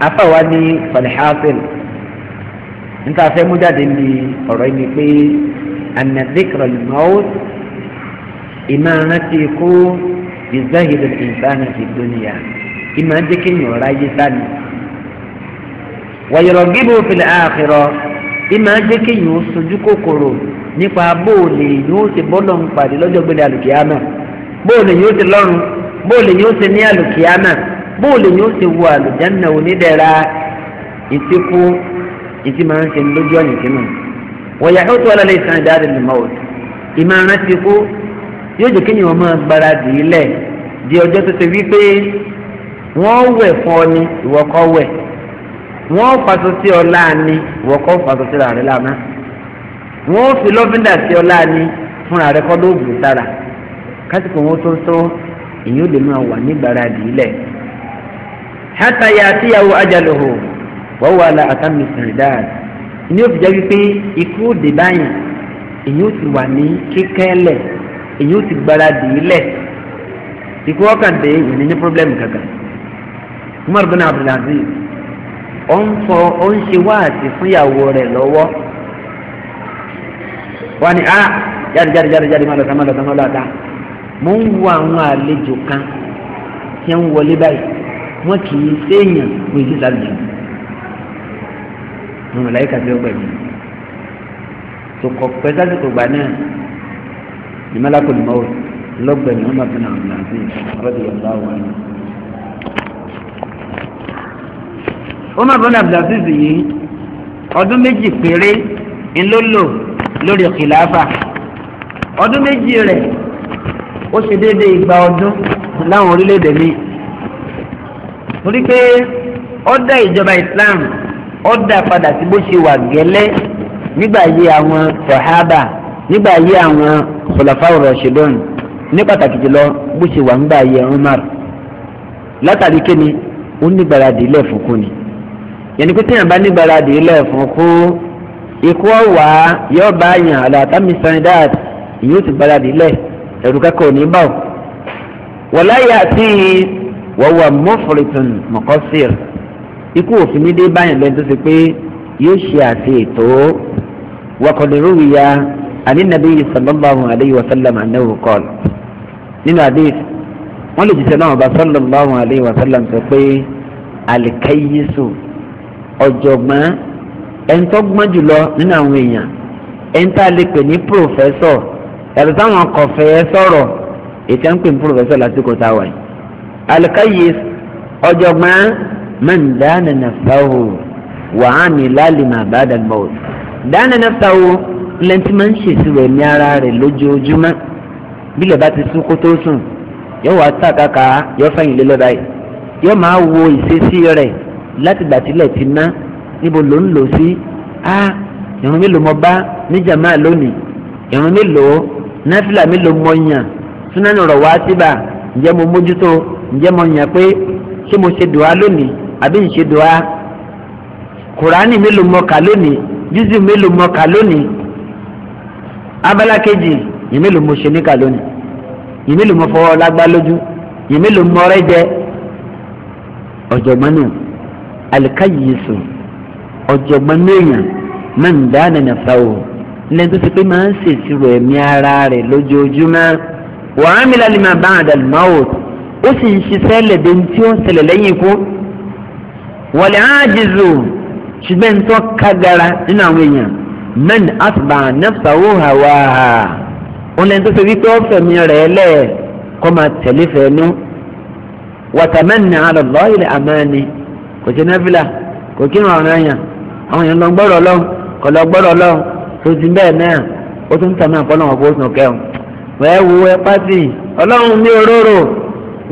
afáwa ní falhasil níta fẹ́ mú jáde ní ọ̀rọ̀ yìí pé anadikra al-maut ìmọ̀ rántí kó ìzáhìrì ìsáná fi dúnìyà ìmọ̀ jẹ́ kí ni ọ̀rá yé sáni. wàyọ̀rọ̀ gíbó fil akhirah ìmọ̀ jẹ́ ni ó sojú kòkòrò nípa bóòlì ni ó ti bọ́lọ̀ ń pàdé lọ́jọ́ gbélé alùkìyàmà bóòlì ni ó ti lọ́rùn bóòlì ni ó ti ní alùkìyàmà bóòlù ni ó ti wo àlùjáná onídẹ̀ra ìtìkú ìtì máa ń ṣe lójú ọ̀nà ìtìmọ̀ wọ́n yàtọ̀ tó ọlọ́lẹ̀ ìsàn ìdáàdì lùmọ́ọ̀ ìmọ̀ràn ti kú yóò jẹ́ kéèyàn máa gbáradì ilẹ̀ di ọjọ́ tó ṣe wípé wọ́n wẹ̀ fún ọ ní ìwọ́kọ́ wẹ̀ wọ́n faṣọ sí ọ láàánú ìwọ́kọ́ faṣọ sí ràrẹ́ lánàá wọ́n fi lọ́fíńdà sí ọ láàánú fúnra rẹ kọ́ lóògùn sára kásìkò wọn tó ń sọ èyí máa wà ní gbáradì ilẹ̀ hátà yà á tíyàwó ajaluhu wọ́n wà lá àtàmì sàrìdáàd ìní òfìjà wípé ikú òde báyìí èyí ó ti wà ní kíkẹ́lẹ̀ èyí ó ti gbáradì ilẹ̀ ikú ọkàn dé ìní ní pírọ́blẹ́mù kankan Umar bin Abdulaziz ó ń fọ ó ń ṣe wáàsí fúnyàwó rẹ̀ lọ́wọ́ wọ́n ní ah jáde jáde jáde jáde má lọ́ta má lọ́ta ń wo àwọn àlejò kan tí ń wọlé báyìí wọn kì í séèyàn wọn èyí sábìyàn wọn mọ̀ láyìíká tí ó gbẹ̀mí tòkọ̀ pẹ́ sásìkò gbà náà ní malakul maut lọ́gbẹ̀mí wọn bá fi náà nà sí ọlọ́dún yóò bá wọn. Umar bin Abdulaziz yìí ọdún méjì péré ńlọ́lọ́ lórí kìláfà ọdún méjì rẹ̀ ó ṣe déédéé igba ọdún láwọn orílẹ̀-èdè míì torí pé ọ̀dà ìjọba Islam ọ̀dà padà sí bó ṣe wà gẹ́lẹ́ nígbà yí àwọn sọ̀hábà nígbà yí àwọn khulafaw rashidun ní pàtàkì jùlọ bó ṣe wà nígbà yí Umar látàrí kéne ó nígbàradì ilẹ̀ kú ni yẹnni pé téèyàn bá nígbàradì ilẹ̀ fún kú ikú ọ̀wà yóò bá yàn àlàtàmì sanidat ìyóò ti gbàradì ilẹ̀ ẹ̀rù kẹ́kọ̀ọ́ ní báwò wọ́n láyà sí i wọ́wọ́ mọ́fọ́rìtàn mọ́kọ́sìr ikú òfin ní dé báyìí lẹ́nu tó ṣe pé yóò ṣe àti ètò wakọ̀dẹ̀rúwì ya ànínábí sallallahu alayhi wa sallam annahu qala nínú hadith wọ́n lè jíṣẹ́ náà bá sallallahu alayhi wa sọ pé alikayisu ọ̀jọ̀gbọ́n ẹni tó gbọ́n jùlọ nínú àwọn èèyàn ẹni tá a lè pè ní pòfẹ́sọ̀ yàtọ̀ táwọn kọ̀fẹ́ sọ̀rọ̀ ètò à ń pè ní pòfẹ́sọ̀ lásìkò táwa yìí alikayis ọ̀jọ̀gbọ́n man dáná nàfàwò wàhánì lálìmọ àbádàgbọ dáná nàfàwò lẹ́ntì máa ń ṣèṣirò ẹ̀mí ara rẹ̀ lójoojúmọ́ bílẹ̀ bá ti sún kó tó sùn yóò wá tàkàkà yóò fẹ̀yìn lé lọ́ba yìí yóò máa wo ìṣesí rẹ̀ láti gbàtílẹ̀ ti ná níbo ló ń lò sí a ìrun mélòó mo bá níjàmá lónìí ìrun mélòó náfìlà mélòó mo yàn súnánù rọ̀ wá síbà ǹjẹ́ mo mójútó ǹjẹ́ mo yàn pé ṣé mo ṣe dùá lónìí àbí ń ṣe dùá kùránì mélòó mo kà lónìí júzù mélòó mo kà lónìí abala kejì yìí mélòó mo ṣe níkà lónìí yìí mélòó mo fọwọ́ lágbá lójú yìí mélòó mo rẹ́ jẹ ọ̀jọ̀gbọ́n náà alikayisu ọ̀jọ̀gbọ́n lóyàn máa ń dáná nàfà o lẹ́yìn tó ti pé máa ń ṣèṣirò ẹ̀mí ara rẹ̀ lójoojúmọ́ wàá lálẹ́ máa bá àdàlùmáwò ó sì ń ṣiṣẹ́ lẹ̀dẹ̀ tí ó ń ṣẹlẹ̀ lẹ́yìn ikú wọlé ájìzù ṣùgbọ́n tó kágara nínú àwọn èèyàn men asba nafsahu hawaha ó lẹ́ni tó ṣe wípé ó fẹ̀mí rẹ̀ lẹ̀ kọ́ máa tẹ̀lé fẹ́ẹ́nu wàtàmẹ́ni àlọ́lọ́ ilẹ̀ àmẹ́ni kò ṣe náfìlà kò kírun ọ̀ràn àyàn àwọn èèyàn lọ gbọ́dọ̀ lọ kò lọ gbọ́dọ̀ lọ tó ti bẹ́ẹ̀ náà ó tún tàmí àpọ́nlọ́wọ́ bó sùn kẹ́hùn wẹ́ẹ́ wo ẹ pátì ọlọ́run ní òróró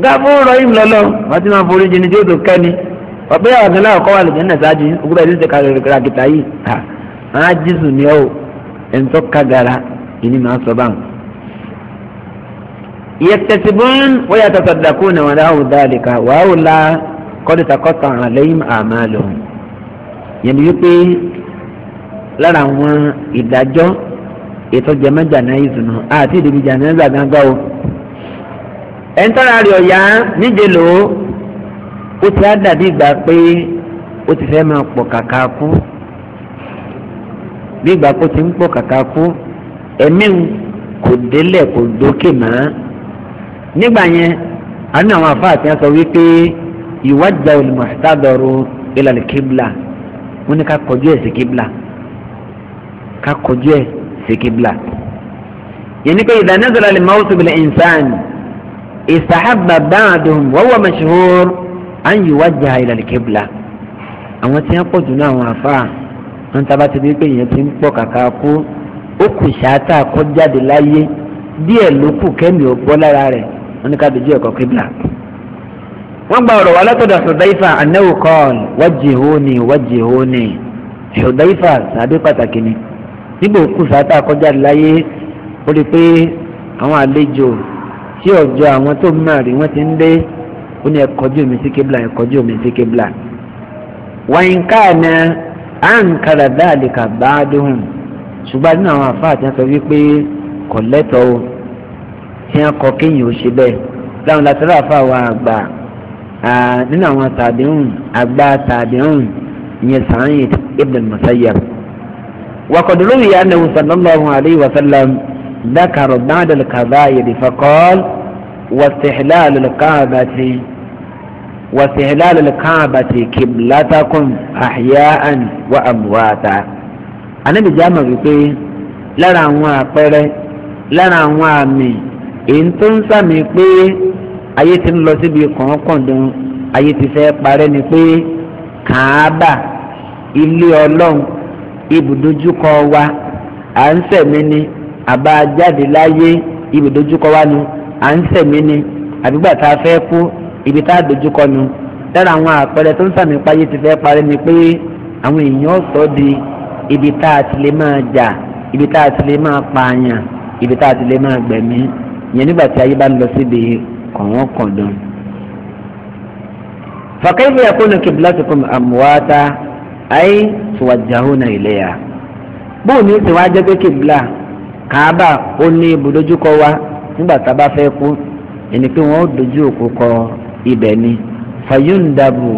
gáfúrú rọyìn lọlọ wọn ti máa forí jìnnì tí ó tó kẹ́ni ọ̀pẹ́ àwọn kan láwọn kọ́ wà lẹ́jẹ̀ náà ṣáájú òkúta ìdíje kàrà kìtà yìí ha máa jésù ni ọ́ ẹ̀ńtọ́ kagara ìní máa sọ báwọn. yẹtẹsibọ́n wọ́n yàtọ̀ sọ̀dọ̀kú ni wọ́n dáhùn dáàlìkà wàá wò la kọ́dìtàkọ́tà àlẹ́yìn àmàlò yẹn ni wípé lára àwọn ìdájọ́ ètò ẹ̀ńtọ́ra rẹ̀ ọ̀yá níje lò ó ó ti á dàbí ìgbà pé ó ti fẹ́ máa pọ̀ kàkà kú bí ìgbà kó ti ń pọ̀ kàkà kú ẹ̀mí kò délẹ̀ kò dókè mọ́ nígbà yẹn a ní àwọn àfáà tí wọ́n sọ wípé ìwádìí olùmọ̀sítàdọ̀rọ̀ ìlànà kíbla wọ́n ní ká kọjú ẹ̀ sí kíbla ká kọjú ẹ̀ sí kíbla yẹn ni pé ìdáná sọ̀rọ̀ àlè ìnsáàni ìsàhábà báàdùn wọ́wọ́ mẹ́ṣúhùr à ń yíwá jà ìlànà kébìlà àwọn tí wọ́n pọ̀ jù náà àwọn àfa wọn tá a bá ti di pé èèyàn ti ń pọ̀ kàkà kú ó kù ṣáátà kó jáde láyé díẹ̀ ló kù kẹ́mi ò bọ́ lára rẹ̀ wọn ní ká dojú ẹ̀kọ́ kébìlà. wọ́n gba ọ̀rọ̀ wá látọ̀dọ̀ Hudayfa anáwó kọ́ọ̀l wajjihuni wajjihuni Hudayfa sàbí pàtàkì ni nígbà òkú ṣáátà kó jáde láyé ó rí pé àwọn àlejò tí ọjọ́ àwọn tó máa rí wọ́n ti ń dé ó ní ẹ̀kọ́jú mi sí kébìlà ẹ̀kọ́jú mi sí kébìlà. wọ́n ká ní àǹkárá dáàlìkà bá a dùn ṣùgbọ́n nínú àwọn àfáà tí wọ́n sọ wípé kò lẹ́tọ̀ọ́ o tí wọ́n kọ kéèyàn ó ṣe bẹ́ẹ̀ láwọn látara àfáà wa àgbà nínú àwọn tàbíhùn àgbà tàbíhùn ìyẹn Sa'id ibn Musayyab. wàkọ̀dúró yìí ànáwó sallallahu alayhi wa sallam ذكر بعد الكبائر فقال واستحلال الكعبة واستحلال الكعبة كبلتكم أحياء وأمواتا أنا بجامع بكي lára àwọn àpẹẹrẹ lára àwọn àmì èyí tó ń sàmì pé ayé ti ń lọ síbi kọ̀ọ̀kọ̀dùn ayé ti fẹ́ parẹ́ ni pé kàábà ilé ọlọ́run ibùdójúkọ wa à ń sẹ̀mí ni àbá jáde láyé ibi dojúkọ wa nu à ń sẹ̀mí ni àbígbà tá a fẹ́ kú ibi tá a dojúkọ nu lára àwọn àpẹẹrẹ tó ń sàmì páyé ti fẹ́ parí ni pé àwọn èèyàn ọ̀sọ́ di ibi tá a ti lè máa jà ibi tá a ti lè máa pààyàn ibi tá a ti lè máa gbẹ̀mí ìyẹn nígbà tí ayé bá ń lọ síbi kọ̀wọ́n kọ̀dán. fàkẹ́fẹ́ yakunu kiblatukum amwata ay tuwajjahuna ilayha bóun ní ìsìn pé kìbìlà kàábà ó ní ibùdójúkọ wa nígbà tá a bá fẹ́ kú ẹni pé wọ́n ó dojú òkú kọ ibẹ̀ ni fayúndàbù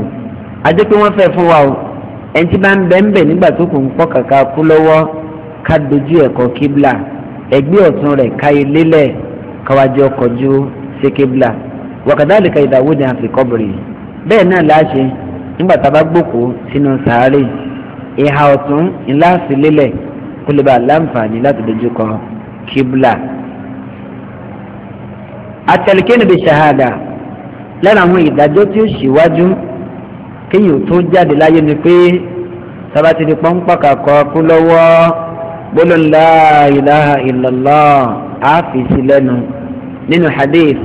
ajẹ́ pé wọ́n fẹ́ fún wa o ẹni tí bá ń bẹ́ ń bẹ̀ nígbà tó kù ń pọ̀ kàkà kú lọ́wọ́ ká dojú ẹ̀kọ́ kíbla ẹgbẹ́ ọ̀tún rẹ̀ ká ilé lẹ̀ káwájú ọkọ̀ ju sí kíbla wàkàdálìkà ìdáwó ni a fi kọ́bìrì bẹ́ẹ̀ náà láṣẹ nígbà tá a bá gbòkó sínú sàárè ìhà ọ̀tún ńlá kó lè bá láǹfààní láti dojú kọ kíbla. àtẹ̀lékẹ́ni bíi ṣahada lára àwọn ìdájọ́ tí ó ṣíwájú kéèyàn tó jáde láyé ni pé sábàtì ní pọ́ńpà kàkọ́ kú lọ́wọ́ gbólóńlá ilaha illallah àfìsí lẹ́nu nínú hadith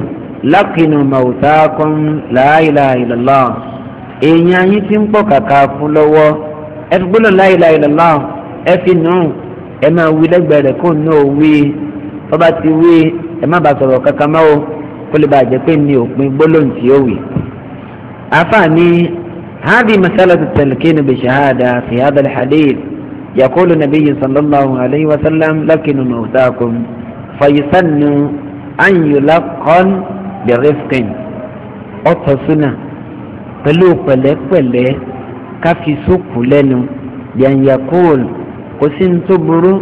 lákìnnù màwùtákùn la ilaha illallah èèyàn yín ti ń pọ̀ kàkà fún lọ́wọ́ ẹ fi gbólóńlá ilaha ẹ fi nù ẹ máa wí lẹ́gbẹ̀ẹ́ rẹ̀ kó ní òwe tọ́ba ti wí ẹ má bàa sọ̀rọ̀ kankan mọ́ o kó lè bàa jẹ́ pé ní òpin gbólóhùn tí ó wì. àfààní hadi masalatu talqin bi shahada fi hada alhadith yaqulu nabiyyu sallallahu alayhi wa sallam lakinu mawtakum fayisannu an yulaqan bi rifqin ọtọ súnà pẹ̀lú pẹ̀lẹ́pẹ̀lẹ́ káfí sókù lẹ́nu yanyakool kò sí ní tó burú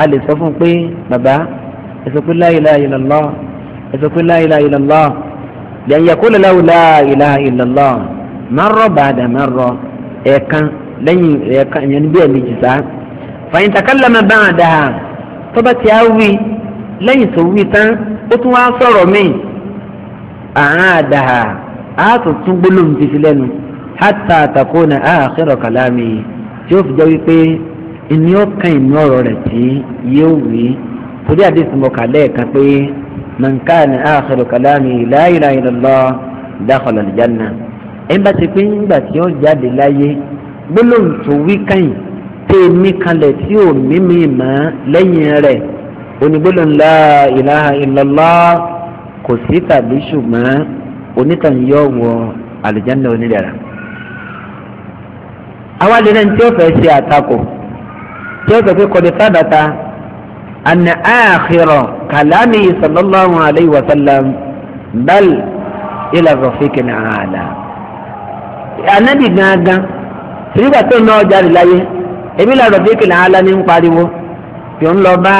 a lè sọ fún un pé bàbá ẹ sọ pé la ilaha illallah ẹ sọ pé la ilaha illallah lẹ́yìn yaqulu lahu la ilaha illallah marra ba'da marra ẹ̀ẹ̀kan lẹ́yìn ẹ̀ẹ̀kan ìyẹn ní bí ẹ̀mí jìsá fa in takallama ba'daha tó bá ti á wí lẹ́yìn tó wí tán ó tún wá sọ̀rọ̀ míì àrùn àdàhà àtò tún gbólóhùn ti lẹ́nu hátà àtàkùn náà àkérò kàlámì tí ó fi jẹ́ wípé ìní ọkàn ìní ọ̀rọ̀ rẹ̀ tí yóò wí torí àdéhùn mọ̀ká lẹ́ẹ̀kan pé mankani akhiru kalami la ilaha illallah dakhala aljanna ẹ̀ bá ti pé ńgbà tí ó jáde láyé gbólóhùn tó wí káyìn tẹ́ ẹ mí kalẹ̀ tí ò mímí mọ́ lẹ́yìn rẹ̀ onígbólóhùn la ilaha illallah kò sí tàbí ṣùgbọ́n onítàn yọ wọ aljanna onídàrá. àwa lè rẹ̀ ní tí ó fẹ́ ṣe àtakò tí ó sọ pé kọ́ni sábàtà àna àkìrọ̀ kàlámì sallallahu alayhi wa sallam bal ilà rọ̀fíkì ní àlà. ànábì gangan sígbà tó ná ọjà rẹ̀ láyé ebi là rọ̀fíkì ní àlà ní ń pariwo kí ó ń lọ bá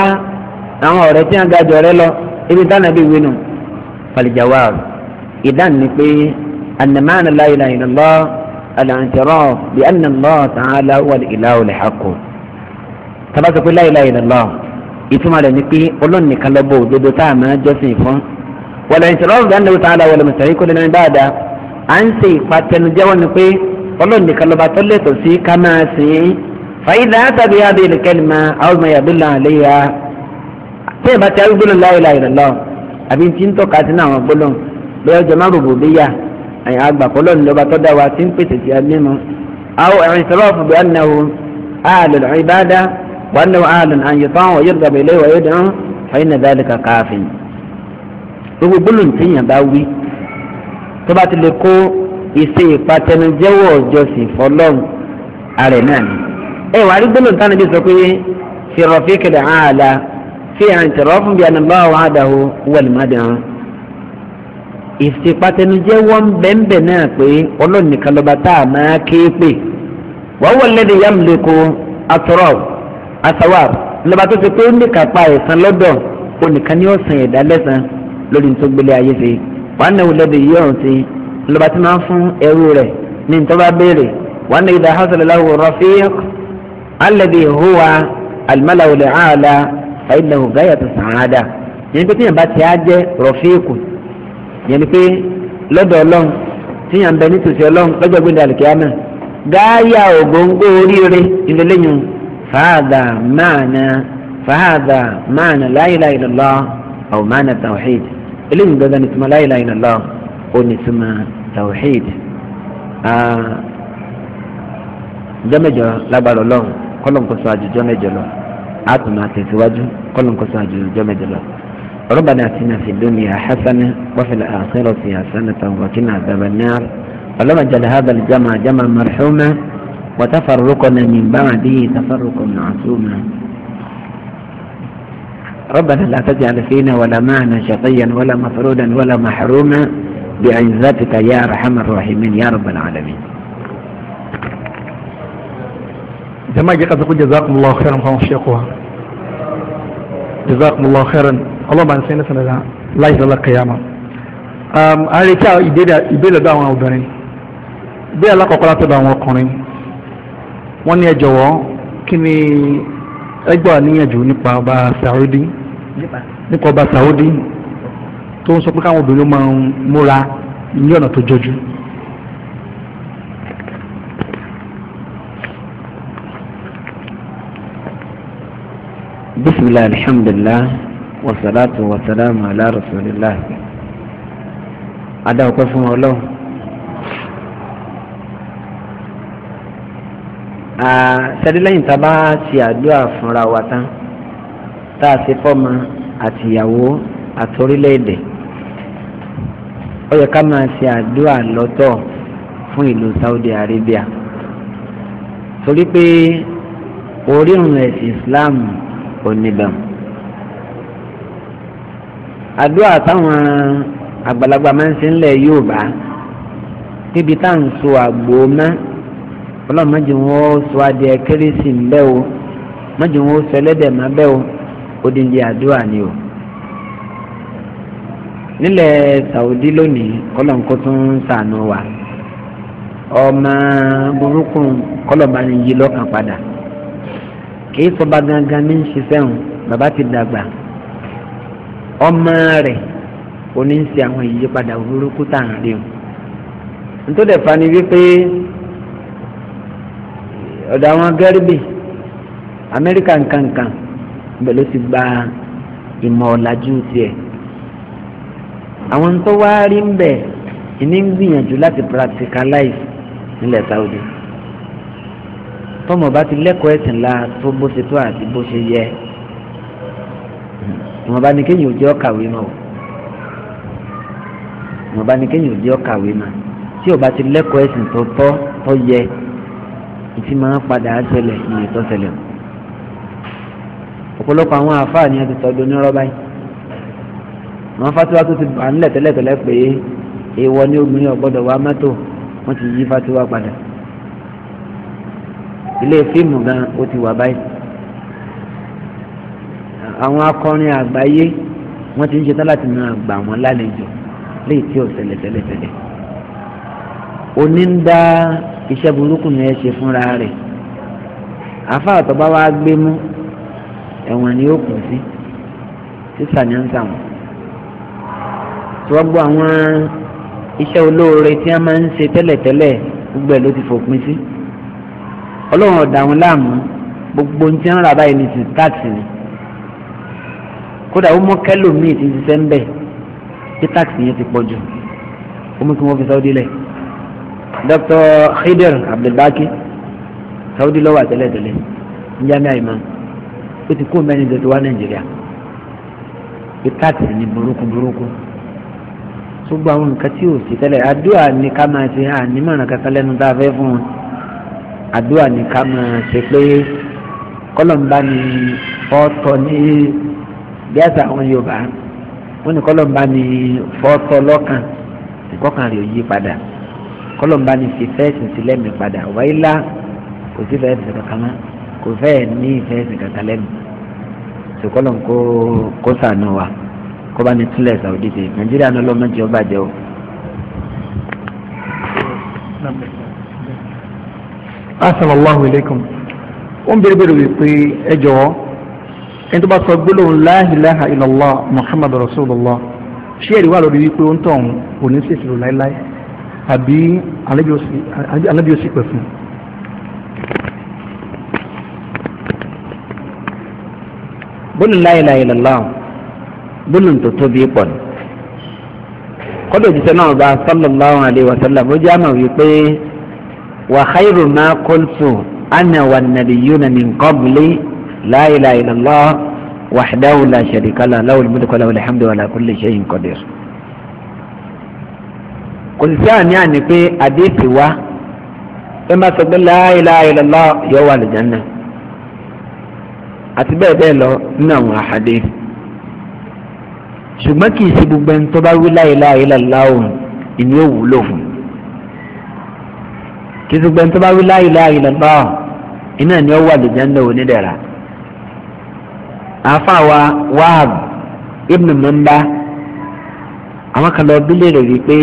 àwọn ọ̀rẹ́ tí wọ́n ga jọ rẹ lọ ibi dáná bí wínú falijawaab ìdáhùn ni pé anamánà la ilaha illallah al-i'tiraf bi anna Allah ta'ala wal ilahu al tábà sọ pé la ilaha illallah ìtumọ̀ rẹ̀ ni pé ọlọ́run nìkan ló bọ̀ òdodo tá a máa jọ́sìn fún. wọ̀lẹ̀ ìṣòro bá ń lè ta ara wọ̀lẹ̀ mùsàlẹ̀ kó lè ní dáadáa à ń ṣe ìpàtẹnujẹ́wọ́ ni pé ọlọ́run nìkan ló bá tó lẹ́tọ̀ sí ká máa sìn ín. fàyídà àtàbí adé ìlẹ̀kẹ́lìmọ̀ àwọn ọmọ yàgbé làn lè ya. tí ìbá ti arúgbó la ilaha illallah àbí tí ń àwọn gbólóhùn bẹ́ẹ̀ jọmọ́ وأن لو عاد أن يطاع ويرغب إليه ويدعو فإن ذلك كاف gbogbo gbólóhùn tí yàn bá wí tó bá ti lè kó ìṣe ìpatẹnujẹ́wọ̀ ọ̀jọ̀sìn fọlọ́run ààrẹ náà ni. ẹ wàá rí gbólóhùn tánà bí sọ pé fi rọ̀fíkì rẹ̀ hàn àlà fi hàn tẹ̀rọ̀ fún bí anàbá wà á dàhó wọ̀lùmọ́dé hàn. ìṣe ìpatẹnujẹ́wọ̀ ń bẹ́ńbẹ́ náà pé ọlọ́run nìkan lọ́ba tá a máa ké pè wọ́n wọlé de yàmùlẹ́kọ̀ọ́ àtọ́rọ̀ asawab lọ́ba tó ṣe pé ó ní kápá ẹ̀san lọ́dọ̀ onìkan ní ó san ẹ̀dá lẹ́san lórí tó gbélé ayé ṣe wàá náà lẹ́bi yìí ọ̀hún ṣe lọ́ba tí máa ń fún ẹrú rẹ̀ ní tó bá béèrè wàá náà ìdá hasan aláwọ̀ rafiq alladhi huwa alimalawulẹ̀ àlà fàyínlẹ̀hùn gáyà tó sàáda yẹn pé tíyẹn ti á jẹ́ rafiq yẹn pé lọ́dọ̀ ọlọ́run tíyẹn bẹ nítòsí ọlọ́run lọ́jọ́ gbé فهذا معنى فهذا معنى لا إله إلا الله أو معنى التوحيد اللي بدن نسمى لا إله إلا الله قلنا اسم توحيد آه لا بال الله كلهم كساج جمجة له عطنا تسواج كلهم كساج جمجة له ربنا اتنا في الدنيا حسنة وفي الآخرة حسنة وقنا عذاب النار اللهم اجعل هذا الجمع جمع مرحومة. وتفرقنا من بعده تفرقا عصوما ربنا لا تجعل فينا ولا معنا شقيا ولا مفرودا ولا محروما بعزتك يا ارحم الراحمين يا رب العالمين جماعة قد جزاكم الله خيرا محمد الشيخ جزاكم الله خيرا اللهم أن سينا سنة لا يزال القيامة أم أريكا إبدا إبدا دعوة أبنين بي الله قرأت دعوة أبنين wọ́n ní ẹ jọ̀wọ́ kí ni ẹgbẹ́ àníyànjú nípa ọba Saudi nípa ọba Saudi tó ń sọ pé káwọn obìnrin máa ń múra ní ọ̀nà tó jọjú. bisimilah alhamdulilah wasalaatu wasalaamu ala rasulillah adáwọ̀ pẹ́ fún ọlọ́run. sẹ́dílẹ́yìn tá a bá ṣe àdúrà fúnra wa tán tá a ṣe fọ́mọ àtìyàwó àti orílẹ̀-èdè ó yẹ ká máa ṣe àdúrà lọ́tọ̀ fún ìlú Saudi Arabia torí pé orírun ẹ̀sìn Islam ò níbẹ̀ àdúrà táwọn àgbàlagbà máa ń ṣe ńlẹ̀ Yorùbá níbi tá à ń so àgbò mọ́ ọlọ́run má jẹ́ wọn ó sọ adìẹ kérésì ńbẹ́ o má jẹ́ wọn ó sọ ẹlẹ́dẹ̀ má bẹ́ o odindi àdúrà ni o. nílẹ̀ Saudi lónìí kọ́lọ́nkó tún ń sànù wa ọmọ burúkú kọ́lọ́ba ni yí lọ́kàn padà kìí sọba gangan ní ṣiṣẹ́ hàn bàbá ti dàgbà ọmọ rẹ̀ oní àwọn ìyípadà burúkú tàn rí o. nítorí ni wípé ọ̀dọ̀ àwọn gẹ́rìbì amẹ́ríkà nkankan bẹ́ẹ̀ ló ti gba ìmọ̀ ọ̀làjú tiẹ̀ àwọn tó wá rí ń bẹ̀ ìní ń gbìyànjú láti practicalize nílẹ̀ Saudi tọmọ bá ti lẹ́kọ̀ọ́ ẹ̀sìn la tó bó ṣe tó àti bó ṣe yẹ ìwọ̀nba ni kéèyàn ò jẹ́ ọ̀kàwé mọ́ o ìwọ̀nba ni kéèyàn ò jẹ́ ọ̀kàwé mọ́ tí o bá ti lẹ́kọ̀ọ́ ẹ̀sìn tó tọ́ tó yẹ ìtì máa padà ṣẹlẹ̀ ní ètò ṣẹlẹ̀ ọ̀pọ̀lọpọ̀ àwọn àfáà ni a ti sọdọ onírọ́ báyìí àwọn fatiwa tó ti à ń lẹ̀ tẹ́lẹ̀tẹ́lẹ̀ pé èèwọ̀ ni obìnrin ọ̀gbọ́dọ̀ wa mọ́tò wọ́n ti yí fatiwa padà ilé fíìmù gan ó ti wà báyìí àwọn akọrin àgbáyé wọ́n ti ń ṣetán láti máa gbà wọ́n lálejò léyìí tí ò ṣẹlẹ̀ tẹ́lẹ̀tẹ́lẹ̀ òní iṣẹ́ burúkú ni ẹ ṣe fúnra rẹ̀ àfa àtọ́gbá wa gbé mú ẹ̀wọ̀n ni ó kùn sí sísà ní ọ̀sà wọn. tí wọ́n gbọ́ àwọn iṣẹ́ olóore tí wọ́n máa ń ṣe tẹ́lẹ̀tẹ́lẹ̀ gbogbo ẹ̀ ló ti fòpin sí. ọlọ́run ọ̀dà wọn láàmú gbogbo ohun tí wọ́n rà báyìí ní táàkì ni. kódà ó mú kẹ́lòmíì ti ṣiṣẹ́ ń bẹ̀ tí táàkì yẹn ti pọ̀ jù ó mú kí wọ́n fi sáwọ́ délẹ̀. Dr. Khidir Abdulbaki Saudi lọ́wọ́ àtẹ́lẹ̀tẹ́lẹ̀ njami àyìmọ́ ó ti kó mẹ́rin tó ti wá Nàìjíríà ìtàtì ní burúkú burúkú ṣùgbọ́n àwọn nǹkan tí ò sí tẹ́lẹ̀ àdúrà ni ká máa ṣe ànímọ̀ràn kankan lẹ́nu tá a fẹ́ fún wọn àdúrà ni ká máa ṣe pé kọ́lọ̀mbá ni fọ́tọ̀ ní bí àṣà àwọn Yorùbá wọ́n ní kọ́lọ̀mbá ni fọ́tọ̀ lọ́kàn ìkọ́kàn rẹ̀ yí padà kọlọmba ni fi fẹẹsì sílẹ̀ mi padà wáyé la kò sí fẹẹsì kankan mọ́ kò fẹẹ ní fẹẹsì kankan lẹ́nu sòkòlò ń kó kó sànù wa kó bá ní túlẹ̀ sàwùdí tè nàìjíríà ní ọlọ́mọ jẹ́ ọba jẹ́ o. asalaamu alaykum wọ́n bẹ̀rẹ̀ bẹ̀rẹ̀ wípé ẹ jọ̀wọ́ ẹni tó bá sọ gbólóhùn la ilaha illallah muhammadu rasulullah ṣé ẹ̀rí wà lórí wípé ó ń tọ̀ ọ̀hún kò ní sèṣirò láéláé àbí alábí ó sì pẹ̀ fún bólú láìláìlàláà bólú tó tóbi pọ̀ ní kọ́dọ̀ òjíṣẹ́ náà bá sallallahu alayhi wa sallam ó jẹ́ àmà wípé wà khayru ma qultu ana wà nabiyyuna min qabli láìláìlàláà wahdahu la sharika lahu lahul mulku wa lahul hamdu wa ala kò sì sí àní-àní pé àdéhìí wá ẹ má sọ pé la ilaha illallah yóò wà lìjánná àti bẹ́ẹ̀ bẹ́ẹ̀ lọ nínú àwọn àhàdé ṣùgbọ́n kì í ṣe gbogbo ẹni tó bá wí la ilaha illallah òun ìní ò wúlò fún kì í ṣe gbogbo ẹni tó bá wí la ilaha illallah iná ó wà lìjánná onídẹ̀ra àfàwà Wahab ibn Manda àwọn kan lọ bí lè rè wípé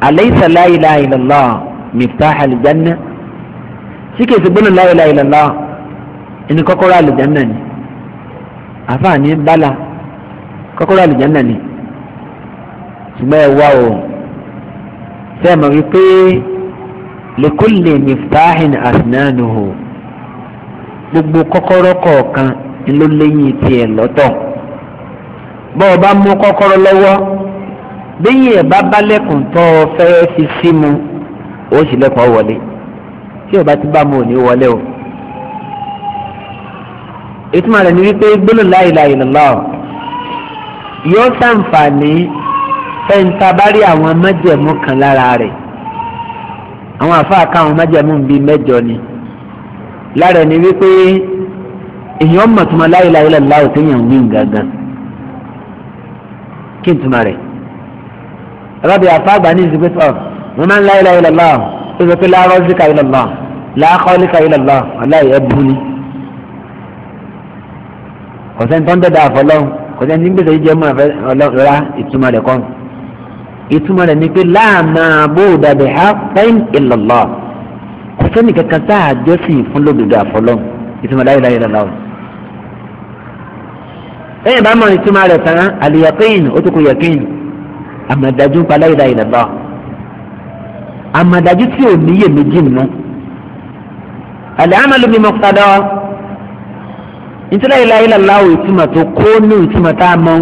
alaysa la ilaha illallah miftah aljanna tí kìí ṣe gbóná la ilaha illallah ẹni kọ́kọ́rọ́ aljanna ni àfààní bala kọ́kọ́rọ́ aljanna ni ṣùgbọ́n ẹ wá o sẹ́ẹ̀mọ̀ wípé likulli miftahin asnanuhu gbogbo kọ́kọ́rọ́ kọ̀ọ̀kan ló léyìn tiẹ̀ lọ́tọ̀ bọ́ọ̀ bá mú kọ́kọ́rọ́ lọ́wọ́ bẹ́yìn ẹ̀ bá bálẹ̀kùn tó o fẹ́ fi sí mu ó sì lẹ́kọ̀ọ́ wọlé tí o bá ti bá mu ò ní wọlé o. ìtumọ̀ rẹ̀ ni wípé gbólóhùn la ilaha illallah yóò ṣàǹfààní fẹ́ǹta bá rí àwọn májẹ̀mú kan lára rẹ̀ àwọn àfáà ká àwọn májẹ̀mú bíi mẹ́jọ ni lára ni wípé èèyàn mọ̀túnmọ̀ la ilaha illallah òtún wí gàgàn kí n túmọ̀ rẹ̀ rọ́bì àfáàgbà ní ìsìnkú tó wọn máa ń la ilaha illallah tó sọ pé la razika illallah la khalika illallah aláì ẹ̀bù ni. kọ̀sẹ́ni tó ń dẹ́dà àfọlọ́hùn kọ̀sẹ́ni tí ń gbèsè jíjẹ́ mọ́ ọlọ́ra ìtumọ̀ rẹ̀ kọ́ ìtumọ̀ rẹ̀ ni pé la ma'buda bihaqqin illallah kọ̀sẹ́ni kankan tá a jọ́sìn fún lódodo àfọlọ́hùn ìtumọ̀ la ilaha illallah lẹ́yìn bá mọ̀ ìtumọ̀ rẹ̀ tán àmàdájú pa láyé láyé lọ́lọ́ àmàdájú tí ò níyè méjì nù al-amalu bi muqtada nítorí láyé lọ́lọ́ ò ìtumọ̀ tó kó ní ìtumọ̀ tá a mọ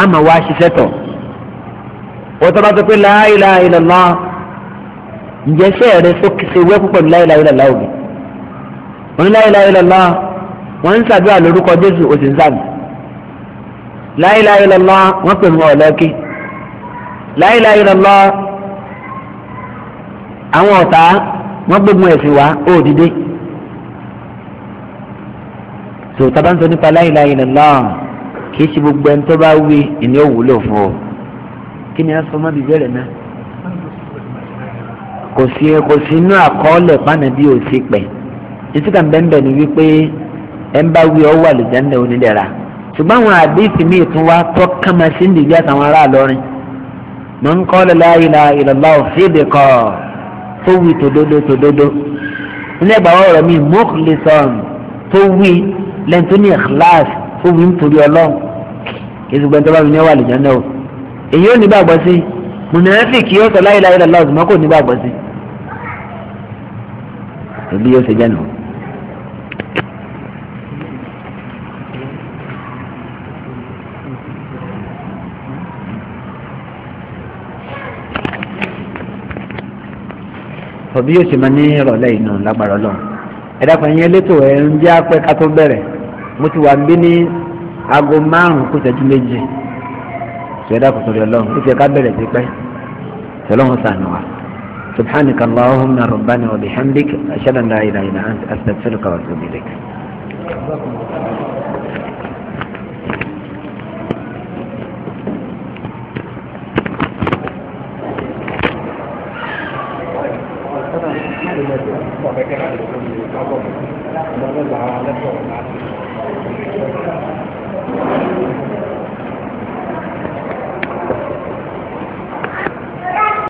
àmà wá ṣiṣẹ́ tọ̀ wọ́n tọ́ bá tó pé láyé láyé lọ́lọ́ ǹjẹ́ sẹ́ẹ̀ rẹ sókè ṣe wẹ́ púpọ̀ láyé láyé lọ́lọ́ òbí wọ́n láyé láyé lọ́lọ́ wọ́n ń ṣàdúrà lórúkọ Jésù òsì ń sàmì láyé láyé lọ́lọ́ wọ́n pè mí ọ̀lọ́kì la ilaha illallah àwọn ọ̀tá wọ́n gbógun ẹ̀sìn wá ó dìde tó tábà ń sọ nípa la ilaha illallah kì í ṣe gbogbo ẹni tó bá wí ìní ò wúlò fún ọ kí ni a sọ má bìbẹ́ rẹ̀ náà kò sí kò sí inú àkọọ́lẹ̀ pànàbí ò sí pẹ̀ ìtìkà bẹ́ẹ̀ ni wípé ẹ̀ ń bá wí ọ wà lójà ń lẹ̀ onídẹ̀ra ṣùgbọ́n àwọn àdéhìí mi tún wá tọ́ kàmá nìyí àtàwọn ará lọ́rin man qala la ilaha illallah sidqa tó wí tòdodo tòdodo ilé ìgbàwọ́ ọ̀rọ̀ mi mukhlisan tó wí lẹ́yìn tó ní ikhlas tó wí nítorí ọlọ́run kì í ṣùgbọ́n tó bá mi ní wà lè jẹun náà o èyí ò ní gbàgbọ́ sí mùnàfíkì yóò sọ la ilaha illallah ọ̀sùnmọ́ kò ní gbàgbọ́ sí. òbí yóò ṣe jẹ́ nù. sọ bí yóò ṣe máa ní ìrọ̀lẹ́ ìnù lágbára ọlọ́run ẹ̀dàpọ̀ yẹn létò ẹ̀ ń bí apẹ́ ká tó bẹ̀rẹ̀ mo ti wà ń bí ní aago márùn-ún kó ìṣẹ́jú méjì sọ ẹ̀dàpọ̀ sọ̀rọ̀ ọlọ́run ó ti ká bẹ̀rẹ̀ sí pẹ́ sọlọ́run sànù wa subhanaka allahumma rabbana wa bihamdik ashhadu an la ilaha illa anta astaghfiruka wa